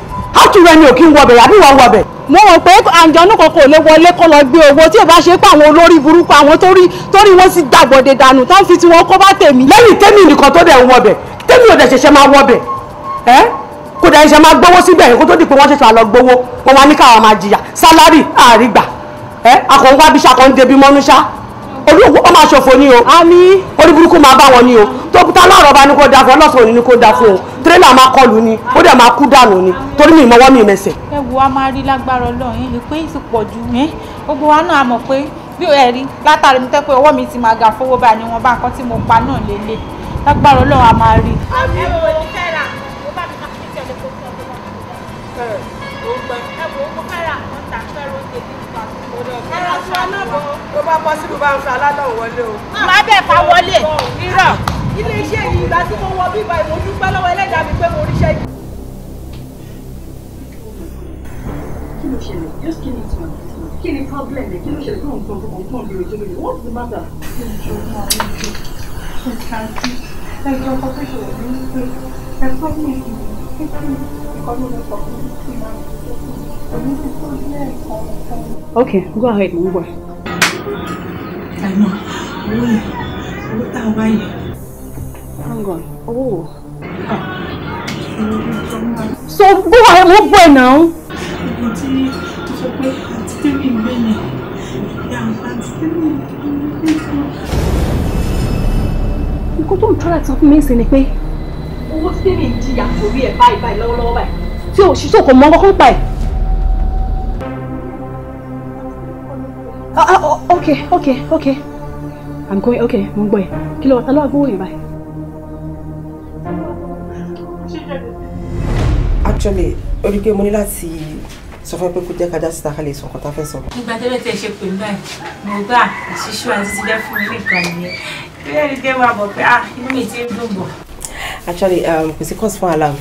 átùrọ ẹni ò kí ń wọbẹ̀ àbí wọ́n wọbẹ̀. mo rò pé àǹjọ́nú kan kò lè wọlé kó lọ gbé owó tí ò bá ṣe pé àwọn olórí burúkú àwọn torí torí wọ́n sì dàgbọ̀dẹ̀ dànù tó ń fi tiwọn kó bá tèmi. lẹ́yìn tèmi nìkan tó dẹ̀ ń wọbẹ̀ tèmi ò dẹ̀ ṣẹ̀ṣẹ̀ máa wọbẹ̀ ẹ́ kò dẹ̀ ṣẹ̀ṣẹ̀ máa gbowó síbẹ̀ kó tó di pé wọ́n ṣẹ̀ṣẹ̀ àlọ́ gbowó wọn wá ní káwọn máa jìyà sálárì àrígbà ẹ́ akọ̀ǹgbábíṣà kan débi mọ́núṣá olúwo ọmọ aṣọ̀fọ̀ ni o orí burúkú máa bá wọn ni o tó ta lọ́rọ̀ bá ní kó da fún ọlọ́sọ̀rọ̀ ní kó da fún o tírélà máa kọlù ni ó dẹ̀ máa kú dànù ni torí mi ìmọ̀wọ́ mi ìmẹsẹ̀. ẹ wo a máa rí lágbára Ọlọ́run yìí pé ìsìpọ̀ jù mí gbogbo wa náà a mọ̀ pé bí ẹ rí látàrí mi tẹ́ pé ọwọ́ mi ti máa gà fowó báyìí ni wọ́n bá nǹkan tí mo pa náà lélẹ̀ lágbára Ọlọ́run a máa rí. ẹ wo ní fẹ́ rà ó bá mi máa fi tẹ̀lé kó fún aṣọ aláàbò tó bá bọ́ sí ló bá ń wọlé o. má bẹ̀ fà wọlé. irọ́ ilé iṣẹ́ yìí ìgbà tí mo wọ bíbá ìmọ̀dúpẹ́ lọ́wọ́ ẹlẹ́dàá mi pé mo ríṣẹ́ yìí. kí ló ṣẹlẹ̀ just kí ni ìtumọ̀ kí ni problem ẹ̀ kí ló ṣẹlẹ̀ fún nǹkan nǹkan bí ojú mi what's the matter. ẹjọ́ ọkọ tó ṣẹlẹ̀ ní pé ẹ sọ fún mi kí n kọ́ ló lọ sọ fún mi kí n máa. Okay, go ahead, mo ń bọ̀. Àìmọ̀, owó yẹn, owó tá a wá yẹn. Hang on, owó oh. So go ahead, mo bọ̀ now. náà. Ibi tí mo sọ pé àti tèmi ń gbé yẹn, ìyá àti tèmi ń gbé yẹn. Nǹkan tó ń tọ́lá ti sọ fún mi sí ni pé owó tèmi ń jìyà torí ẹ̀ báyìí báyìí lọ́wọ́lọ́wọ́ báyìí tí òṣìṣẹ́ kò mọ Ah, ah, oh, okay okay okay i'm going okay mo ń gbọ́ ẹ kí ló bye. actually orí pé mo ní láti sọ fún ẹ pé kó jẹ́ kájá síta ká lè sọ nǹkan tá a fẹ́ sọ. nígbà tẹ́lẹ̀ tẹ́ ṣe pè mí báyìí mo gbà àṣìṣe àti ti fẹ́ fún mi nìkan nìyẹn bẹ́ẹ̀ ni jẹ́ máa bọ̀ pé ah inú mi ti ń dùn bọ̀. actually um, kò sí cause fún alarm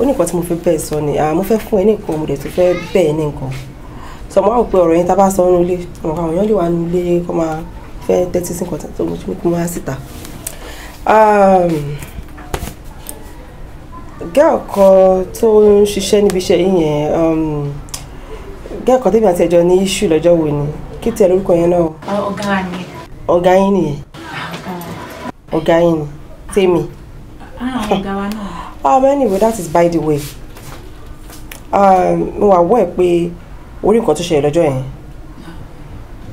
ó ní nǹkan tí mo fẹ́ bẹ́ẹ̀ sọ ni ah, mo fẹ́ fún ẹ ní nǹkan mo dẹ̀ tún fẹ́ bẹ́ẹ̀ ní nǹkan sọ mo wá wò pé ọ̀rọ̀ yẹn tá a bá sọ ọ́ nulẹ̀ àwọn àwọn èèyàn lè wà nulẹ̀ kó máa fẹ́ tẹ́tí sí nǹkan tó mo tún ní kó máa síta. Um, gẹ́ẹ̀ kan tó ń ṣiṣẹ́ níbi iṣẹ́ yìnyẹn um, gẹ́ẹ̀ kan tẹ́bí àti ẹ̀jọ́ ní iṣu lọ́jọ́ wo ni kí tiẹ̀ lórúkọ yẹn náà. Ah, ọ̀gá ni. ọ̀gá yín nìyẹn. Ah, ọ̀gá yín ni tèmi. Ah, ọ̀gá wa náà. ah anyway that is by the way. mo wà wọ́ ẹ̀ pé orí nǹkan tó ṣẹlẹ̀ lọ́jọ́ yẹn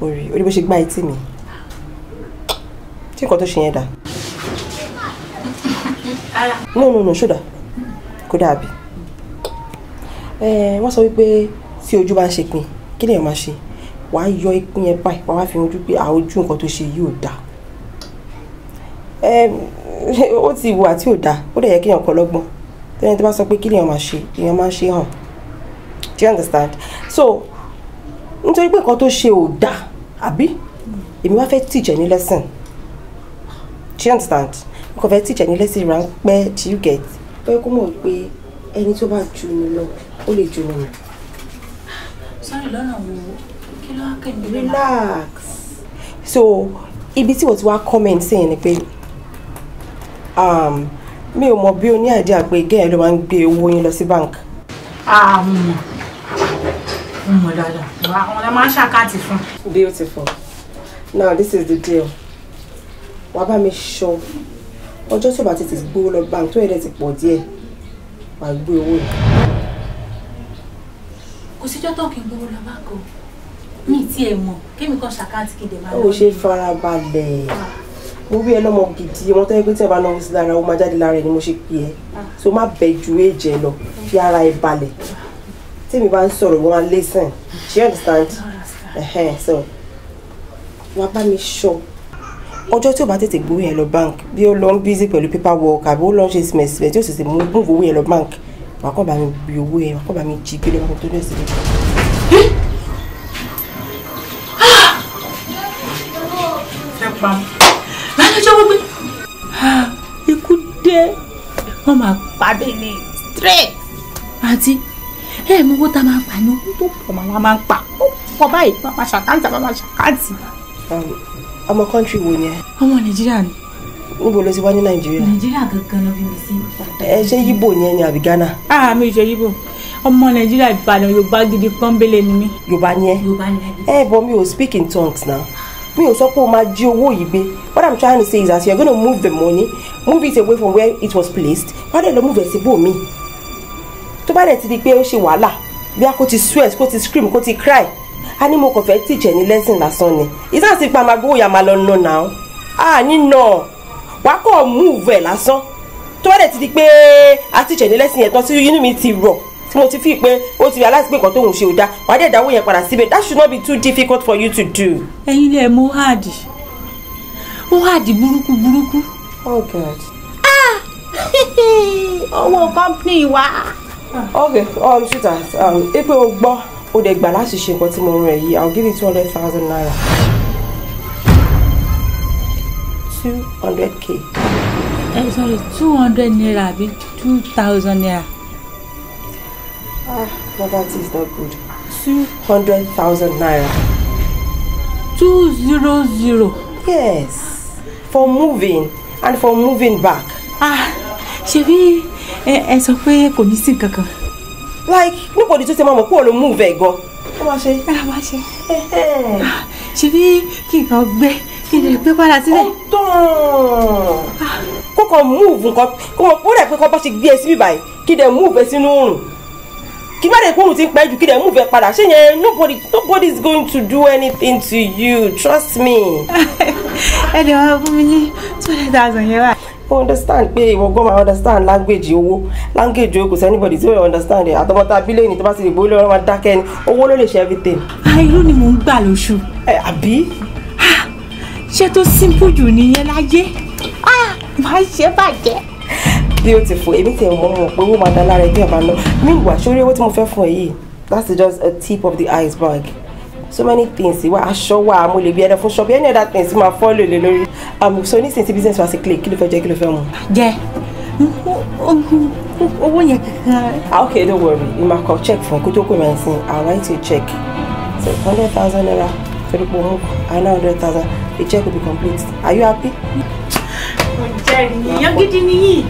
orí orí bó ṣe gbá etí mi tí nǹkan tó ṣe yẹn dà no no no ṣódà kó dàbí wọ́n sọ wípé tí ojú bá ń ṣe pin kí lèèyàn máa ṣe wàá yọ ìpín yẹn báyìí wàá fi ojú pé àójú nǹkan tó ṣe yìí ò dáa ó ti wà tí ò dáa ó dẹ̀ yẹ kéèyàn kọ́ lọ́gbọ́n tẹ́lẹ̀ tó bá sọ pé kí lèèyàn máa ṣe èèyàn máa ṣe hàn do you understand so nítorí pé nǹkan tó ṣe ò dáa àbí èmi wá fẹ́ teach ẹ ní lesson do you understand nǹkan fẹ́ teach ẹ ní lesson ránpẹ́ do you get ó kó mọ̀ pé ẹni tó bá jù mí lọ ó lè jù mí nù. sọ́ọ̀rì lọ́nà wo kí ló wá kẹ́mi relax so ibi tí wọ́n ti wá comment sẹ́yìn ni pé um, mi ò mọ̀ bí o ní àìdíà pé gẹ́ẹ̀ ló máa ń gbé owó yín lọ sí bank. àmọ́. Ah, um, beautiful now this is the deal wàá bá mi ṣọ ọjọ́ tó bá ti ti gbówó lọ bank tó yẹ ti pọ̀ díẹ̀ wàá gbé owó yìí. kò síjọ́ tó kì í gbówó lọ bank o mi ì tiẹ̀ mọ̀ kémi kan ṣàkáàtì kí n dẹ̀ máa lọ. ó ṣe farabalẹ̀ ah. mo rí ẹ lọmọ gidi wọn tẹ́ pé tí ẹ bá náwó sí lára ó máa jáde lára ẹ ni mo ṣe pè é ah. so má bẹ ju èjẹ lọ fi ara ẹ balẹ̀. Ah tí mi bá ń sọ̀rọ̀ wọn á listen she understand so wàá bá mi ṣọ ọjọ́ tí o bá tètè gbowó yẹn lọ bank bí ó lọ ń busy pẹ̀lú paper work àbí ó lọ ń ṣe sìmẹ̀sìmẹ̀ tí ó sì ti mú owó yẹn lọ bank wàá kàn bá mi bí owó yẹn wàá kàn bá mi jí gbé lọ́wọ́ tó dẹ̀ sílẹ̀. lálẹ́jọ́ wípé ikú dé wọ́n máa pàdé ní straight àti ẹ mú owó tá a máa pa ní owó tó pọ̀ màmá máa pa ó pọ̀ báyìí màmá ṣàkáǹtì màmá ṣàkáǹtì. Um, ọmọ kọ́ńtì wo ni ẹ. ọmọ nàìjíríà ni. níbo ló ti wá ní nàìjíríà. nàìjíríà gangan ló bí mi sí. ẹ ṣe yíbò ni ẹ ní àbí ghana. a mi ò ṣe yíbò ọmọ nàìjíríà ìbàdàn yorùbá gidi pọ́nbélé ni mí. yorùbá ni ẹ ẹ bọ mi ò speak in tongues now mi ò sọ pé o máa jí owó yìí gbé what i'm trying to say is that you are gonna move the money move it away from where it was placed Why don't you move ẹ̀ sí bòmíì tó bá dẹ̀ ti di pé ó ṣe wàhálà bí a kò ti sweat kò ti scream kò ti cry a ní mo kàn fẹ́ tìjẹ́ ní lesson lásán ni ìsáà ti pa màgbówó ya máa lọ nà náà a ní nà wàá kọ́ move ẹ̀ lásán tó bá dẹ̀ ti di pé a tìjẹ́ ní lesson yẹn tán tí inú mi ti rọ̀ tí mo ti fi pé ó ti realize pé nǹkan tóun ṣe ò dáa wàá dẹ̀ dáwó yẹn padà síbẹ̀ that should not be too difficult for you to do. ẹ̀yin lè mú háàdì mú háàdì burúkú burúkú. oh god. ah ọmọ company wa. Okay. um sweetheart um If o gbọ́ o dẹ̀ gbà láti ṣe nǹkan tí mo rán yìí i will give you two hundred thousand naira two hundred k. ẹ eh, sorry two hundred naira àbí two thousand naira. ah no that is not good two hundred thousand naira. two zero zero. yes for moving and for moving back. ah ṣebí ẹ sọ pé kò ní sí nǹkan kan. like nobody tún ṣe máa mọ̀ kúrò ló move ẹ̀ gan. ó máa ṣe. ẹ máa ṣe. ṣebí kí nǹkan gbé kí ni gbé padà sílẹ̀. ó tán kó kàn move nǹkan kó mọ̀ kó rẹ̀ pé kó bá ṣe gbé e síbí báyìí kí dẹ̀ move ẹ sínú òrùn kí má lè kóòrùn ti pẹ́ jù kí lè múfẹ́ padà ṣé yẹn nobody nobody is going to do anything to you trust me. ẹ lè wá fún mi ní two hundred thousand yẹn wá ó understand pé ìwọ gan máa understand language owó language owó kò sí anybody tí ó understand ẹ̀ àtọmọta bílíọ̀nù tó bá ti lè gbowó lọ́wọ́ máa dákẹ́ ni owó ló lè ṣe everything. Ah, irú ni mò ń gbà lóṣù. ẹ àbí. Ah, ṣé tó simple jù nìyẹn láyé ah, máa ṣe bàjẹ́ beautiful èmi tẹ̀ mọ́ mọ́ pé owó máa dá lára ẹgbẹ́ ẹ̀ máa lọ mí wà sórí owó tí mo fẹ́ fún ẹ yìí that's just a tip of the iceberg so many things wa aṣọ wa mo lè bí ẹdẹ fún ṣọ́ọ̀bù any other things máa follow lè lórí àmọ́ um, so nísìnyí tí business wa ṣe clear kí ló fẹ́ jẹ kí ló fẹ́ mu. jẹ owó yẹn kankan. Ah, ok don't worry you ma call check fún kótó kò máa ń sin i write you check so hundred thousand naira torí pé òun àná hundred thousand the check will be complete are you happy. mo jẹ́ ènìyàn gidi nìyí.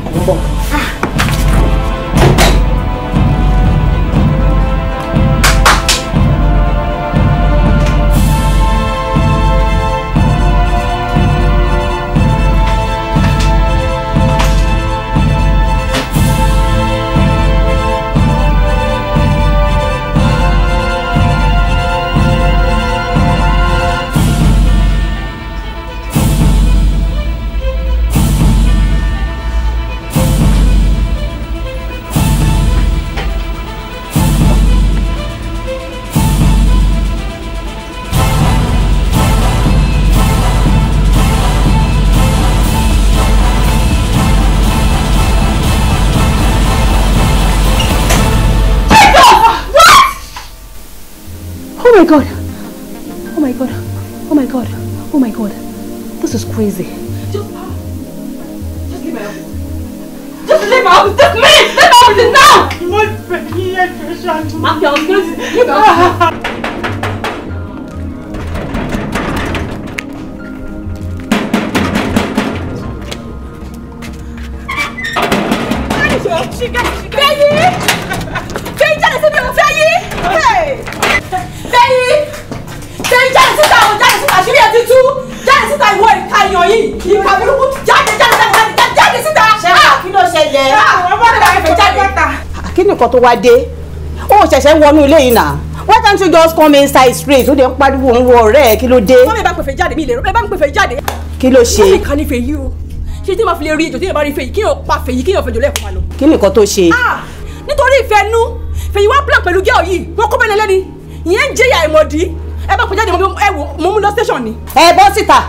god! Oh my god! Oh my god! Oh my god! This is crazy. Just, just leave my house. Just leave my house! Just leave! Leave my house now! I going to kan tó wá dé ó ṣẹ̀ṣẹ̀ wọnú ilé yìí náà why can't you just come inside straight ó dẹ̀ ń pariwo ń wọ ọ̀rẹ́ ẹ̀ kí ló dé. wọ́n mi bá pèfè jáde mi ìlérò bẹ́ẹ̀ bá ń pèfè jáde. kí ló ṣe. wọ́n mi kàn ní fè yí o ṣé tí ma fi lè rí ejò tí yẹn bá rí fèyí kí yẹn pa fèyí kí yẹn fèjò lẹ́ẹ̀kan máa lọ. kí ni nǹkan tó ṣe. Ah! nítorí ìfẹ́ nú fèyí wá plan pẹ̀lú gẹ́ọ̀ yìí wọ́n kó bẹ́ẹ̀ lẹ́ni ìyẹn ń jẹ́yà ìmọ̀dí ẹ bá pèjáde ẹ wò mo mú lọ station ni. ẹ bọ́ síta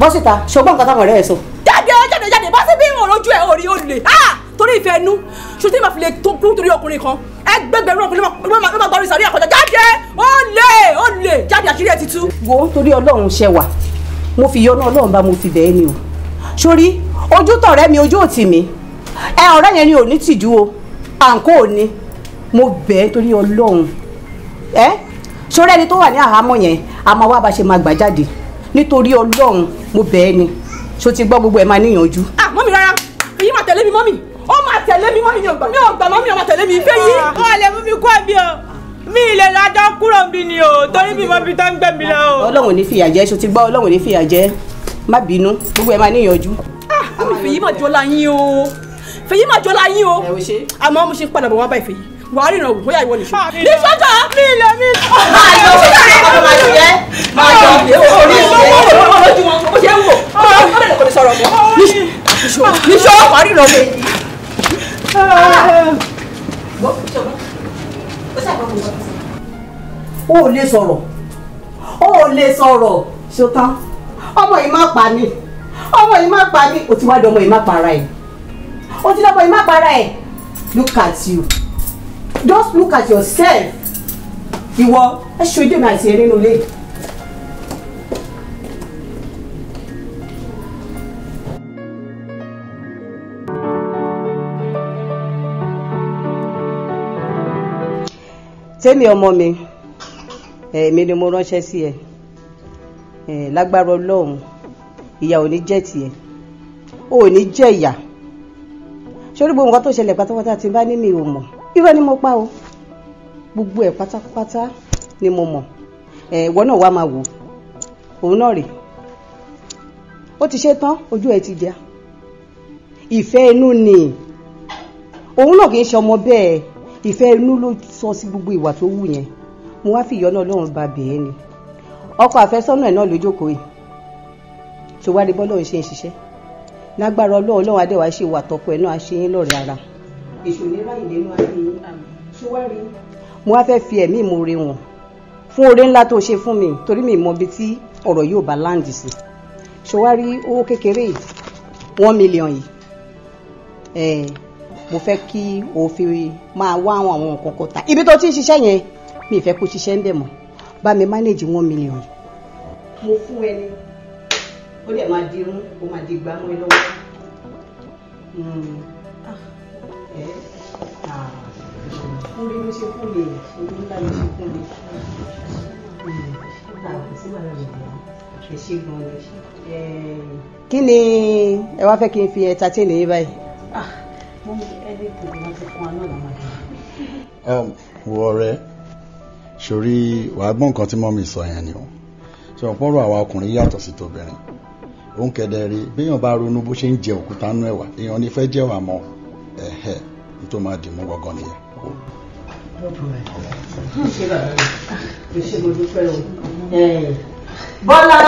bọ́ síta ṣùgbọ́n nǹkan táwọn ọ̀rẹ́ ẹ sọ. jáde jáde jáde bá sí bí ìwọ̀n ojú ẹ̀ orí olè. Ah! torí ìfẹ́ inú ṣùtí màá fi lè tó kú torí ọkùnrin kan ẹgbẹgbẹrún ọkùnrin ló máa gbọ́ ìsàrí àkọjá jáde ó lè ó lè jáde àṣírí ẹ̀ ti tú. wo torí ọlọ́run ṣe wà mo fi yọnu ọlọ́run bá mo fi bẹ́ẹ̀ ni o sórí ojú tọ̀rẹ́ mi ojú òtì mi ẹ ọ̀rẹ́ yẹn ni ò ní tìjú o àǹkó ò ní mo bẹ́ẹ̀ torí ọlọ́run ẹ sórí ẹni tó wà ní àhámọ́ yẹn a máa wá bá ṣe máa gbà jáde nítorí ọlọ́run mo bẹ́ẹ̀ ni ṣó ti gbọ́ gbogbo ẹ̀ máa níyànjú. ah mọ́mi rárá èyí máa tẹ̀lé mi mọ́mi ó máa tẹ̀lé mi mọ́ mi ò gbà mi ò gbà mọ́ mi ò máa tẹ̀lé mi ìfẹ́ yìí. ó lè mú mi kú àbí o mi ì lè lọ adá kúrò mi ni o torí mi mọ bí tó ń gbẹ mi lọ o. ọlọ́run ní fìyà jẹ ṣo ti gbọ́ ọlọ́run ní fìyà jẹ má bínú gbogbo ẹ̀ máa níyànjú. ah omi fèyí mà jọ la yín o fèyí mà jọ la yín o àmọ́ mo ṣe ń padà bọ̀ wá báyìí fèyí wà á rìnrìn ògùn bóyá ìwọ nìṣó. ní sọ́jà mi lè mi. máa yọ ọmọ máa yẹ máa yọ orí ìṣe ojú wọn bó ṣe ń wò. ọmọ mi kò ní sọ̀rọ̀ mọ́. níṣó wà á rìnrìn ògùn o ò lè sọ̀rọ̀ o ò lè sọ̀rọ̀ ṣetán ọmọ yìí má pa ni ọmọ yìí má pa ni o ti wá di ọmọ yìí má para ẹ̀ o ti dọ́mọ yìí má para ẹ̀ look at you just look at yourself ìwọ ẹ ṣojú mi àti ẹ nínú ilé tèmi ọmọ mi eh, èmi ni mo ránṣẹ́ sí ẹ eh, lágbára ọlọ́run ìyà ò ní jẹ́ tiẹ̀ ò ní jẹ́ ìyà sórí gbogbo nǹkan tó ṣẹlẹ̀ pátápátá tí n bá ní mi ò mọ̀ irọ́ ni mo pa o gbogbo ẹ̀ pátápátá ni mo mọ̀ eh, ìwọ náà wá máa wò òun náà rè ó ti ṣe tán ojú ẹ ti jà ìfẹ́ inú ni òun náà kì í ṣe ọmọ bẹ́ẹ̀ ìfẹ́ inú ló sọ sí gbogbo ìwà tó wù yẹn mo wá fi ìyọ́nà ọlọ́run ba bẹ̀ẹ́ ni ọkọ àfẹ́sọ́nà ẹ̀ náà ló jókòó yìí ṣòwádìí bọ́lọ́run ṣe ń ṣiṣẹ́ lágbára ọlọ́run ọlọ́run adéwà ṣe wà tọkọ ẹ̀ náà ṣe yín lọ́rẹ̀ ara. èṣù ní ráyè nínú ayé ṣúwárí. mo wá fẹ́ fi ẹ̀mí ìmoore wọn fún oore ńlá tó ṣe fún mi torí mi mọ ibi tí ọ̀rọ̀ yóò bá láǹdì sí ṣòwárí owó kékeré one million yìí mo fẹ́ kí o fi máa wá àwọn àwọn nǹkan kan ta ibi tó ti ń ṣiṣẹ́ yẹn mi ì fẹ́ kó ṣiṣẹ́ ń bẹ̀ mọ́ bá mi manage one million. mo fún ẹ ní ó dẹ̀ máa di irun ó máa di gbámú ẹ lọ́wọ́. fún hmm. bí ah. mo ṣe fún lè ṣe ní bá mi ṣe fún lè ṣe ṣe gan-an. kí ni ẹ wá fẹ́ kí n fi ẹ ta tí ènìyàn báyìí. Ah mo ní everything wọn ti fún wa náà lọ́mọdé. Um, wọ ọ̀rẹ́ sórí nǹkan tí mọ́mí sọ yẹn ni o ṣe ọ̀pọ̀rọ̀ àwa ọkùnrin yàtọ̀ sí tobìnrin òun kẹdẹrí béèyàn bá ronú bó ṣe ń jẹ òkúta nú ẹ̀wà èèyàn ní fẹ́ jẹ́wà mọ́ ẹ̀hẹ́ tó máa dì mú gangan nìyẹn. Bọ́lá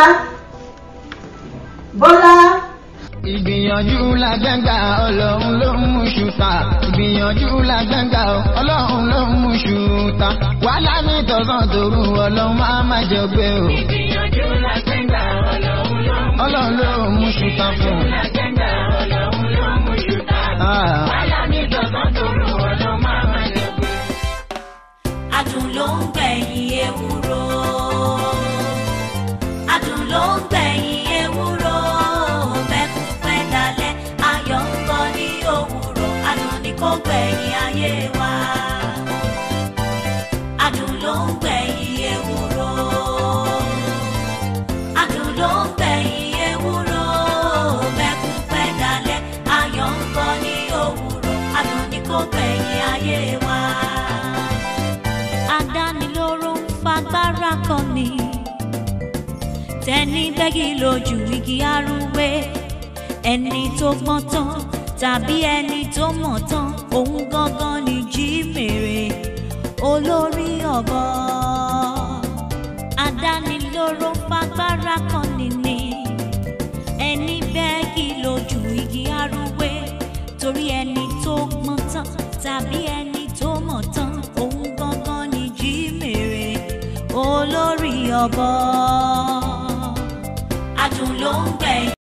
Bọ́lá ìgbìyànjú lágbàgbà ọlọ́run ló ń mú ṣùtà ìgbìyànjú lágbàgbà ọlọ́run ló ń mú ṣùtà wàhálà mi tọ̀sán tòru ọlọ́run máa má jẹ gbé o. ìgbìyànjú lágbàgbà ọlọ́run ló ń mú ṣùtà fún un. ọlọ́run ló ń mú ṣùtà fún ah. un. ẹni bẹ́gì lójú igi arúgbé ẹni tó gbọ́n tán tàbí ẹni tó mọ̀ tán òun gangan ni jímèrè olórí ọ̀bọ adánilóró fagbára kan nìní ẹni bẹ́gì lójú igi arúgbé torí ẹni tó gbọ́n tán tàbí ẹni tó mọ̀ tán òun gangan ni jímèrè olórí ọ̀bọ. lòun ló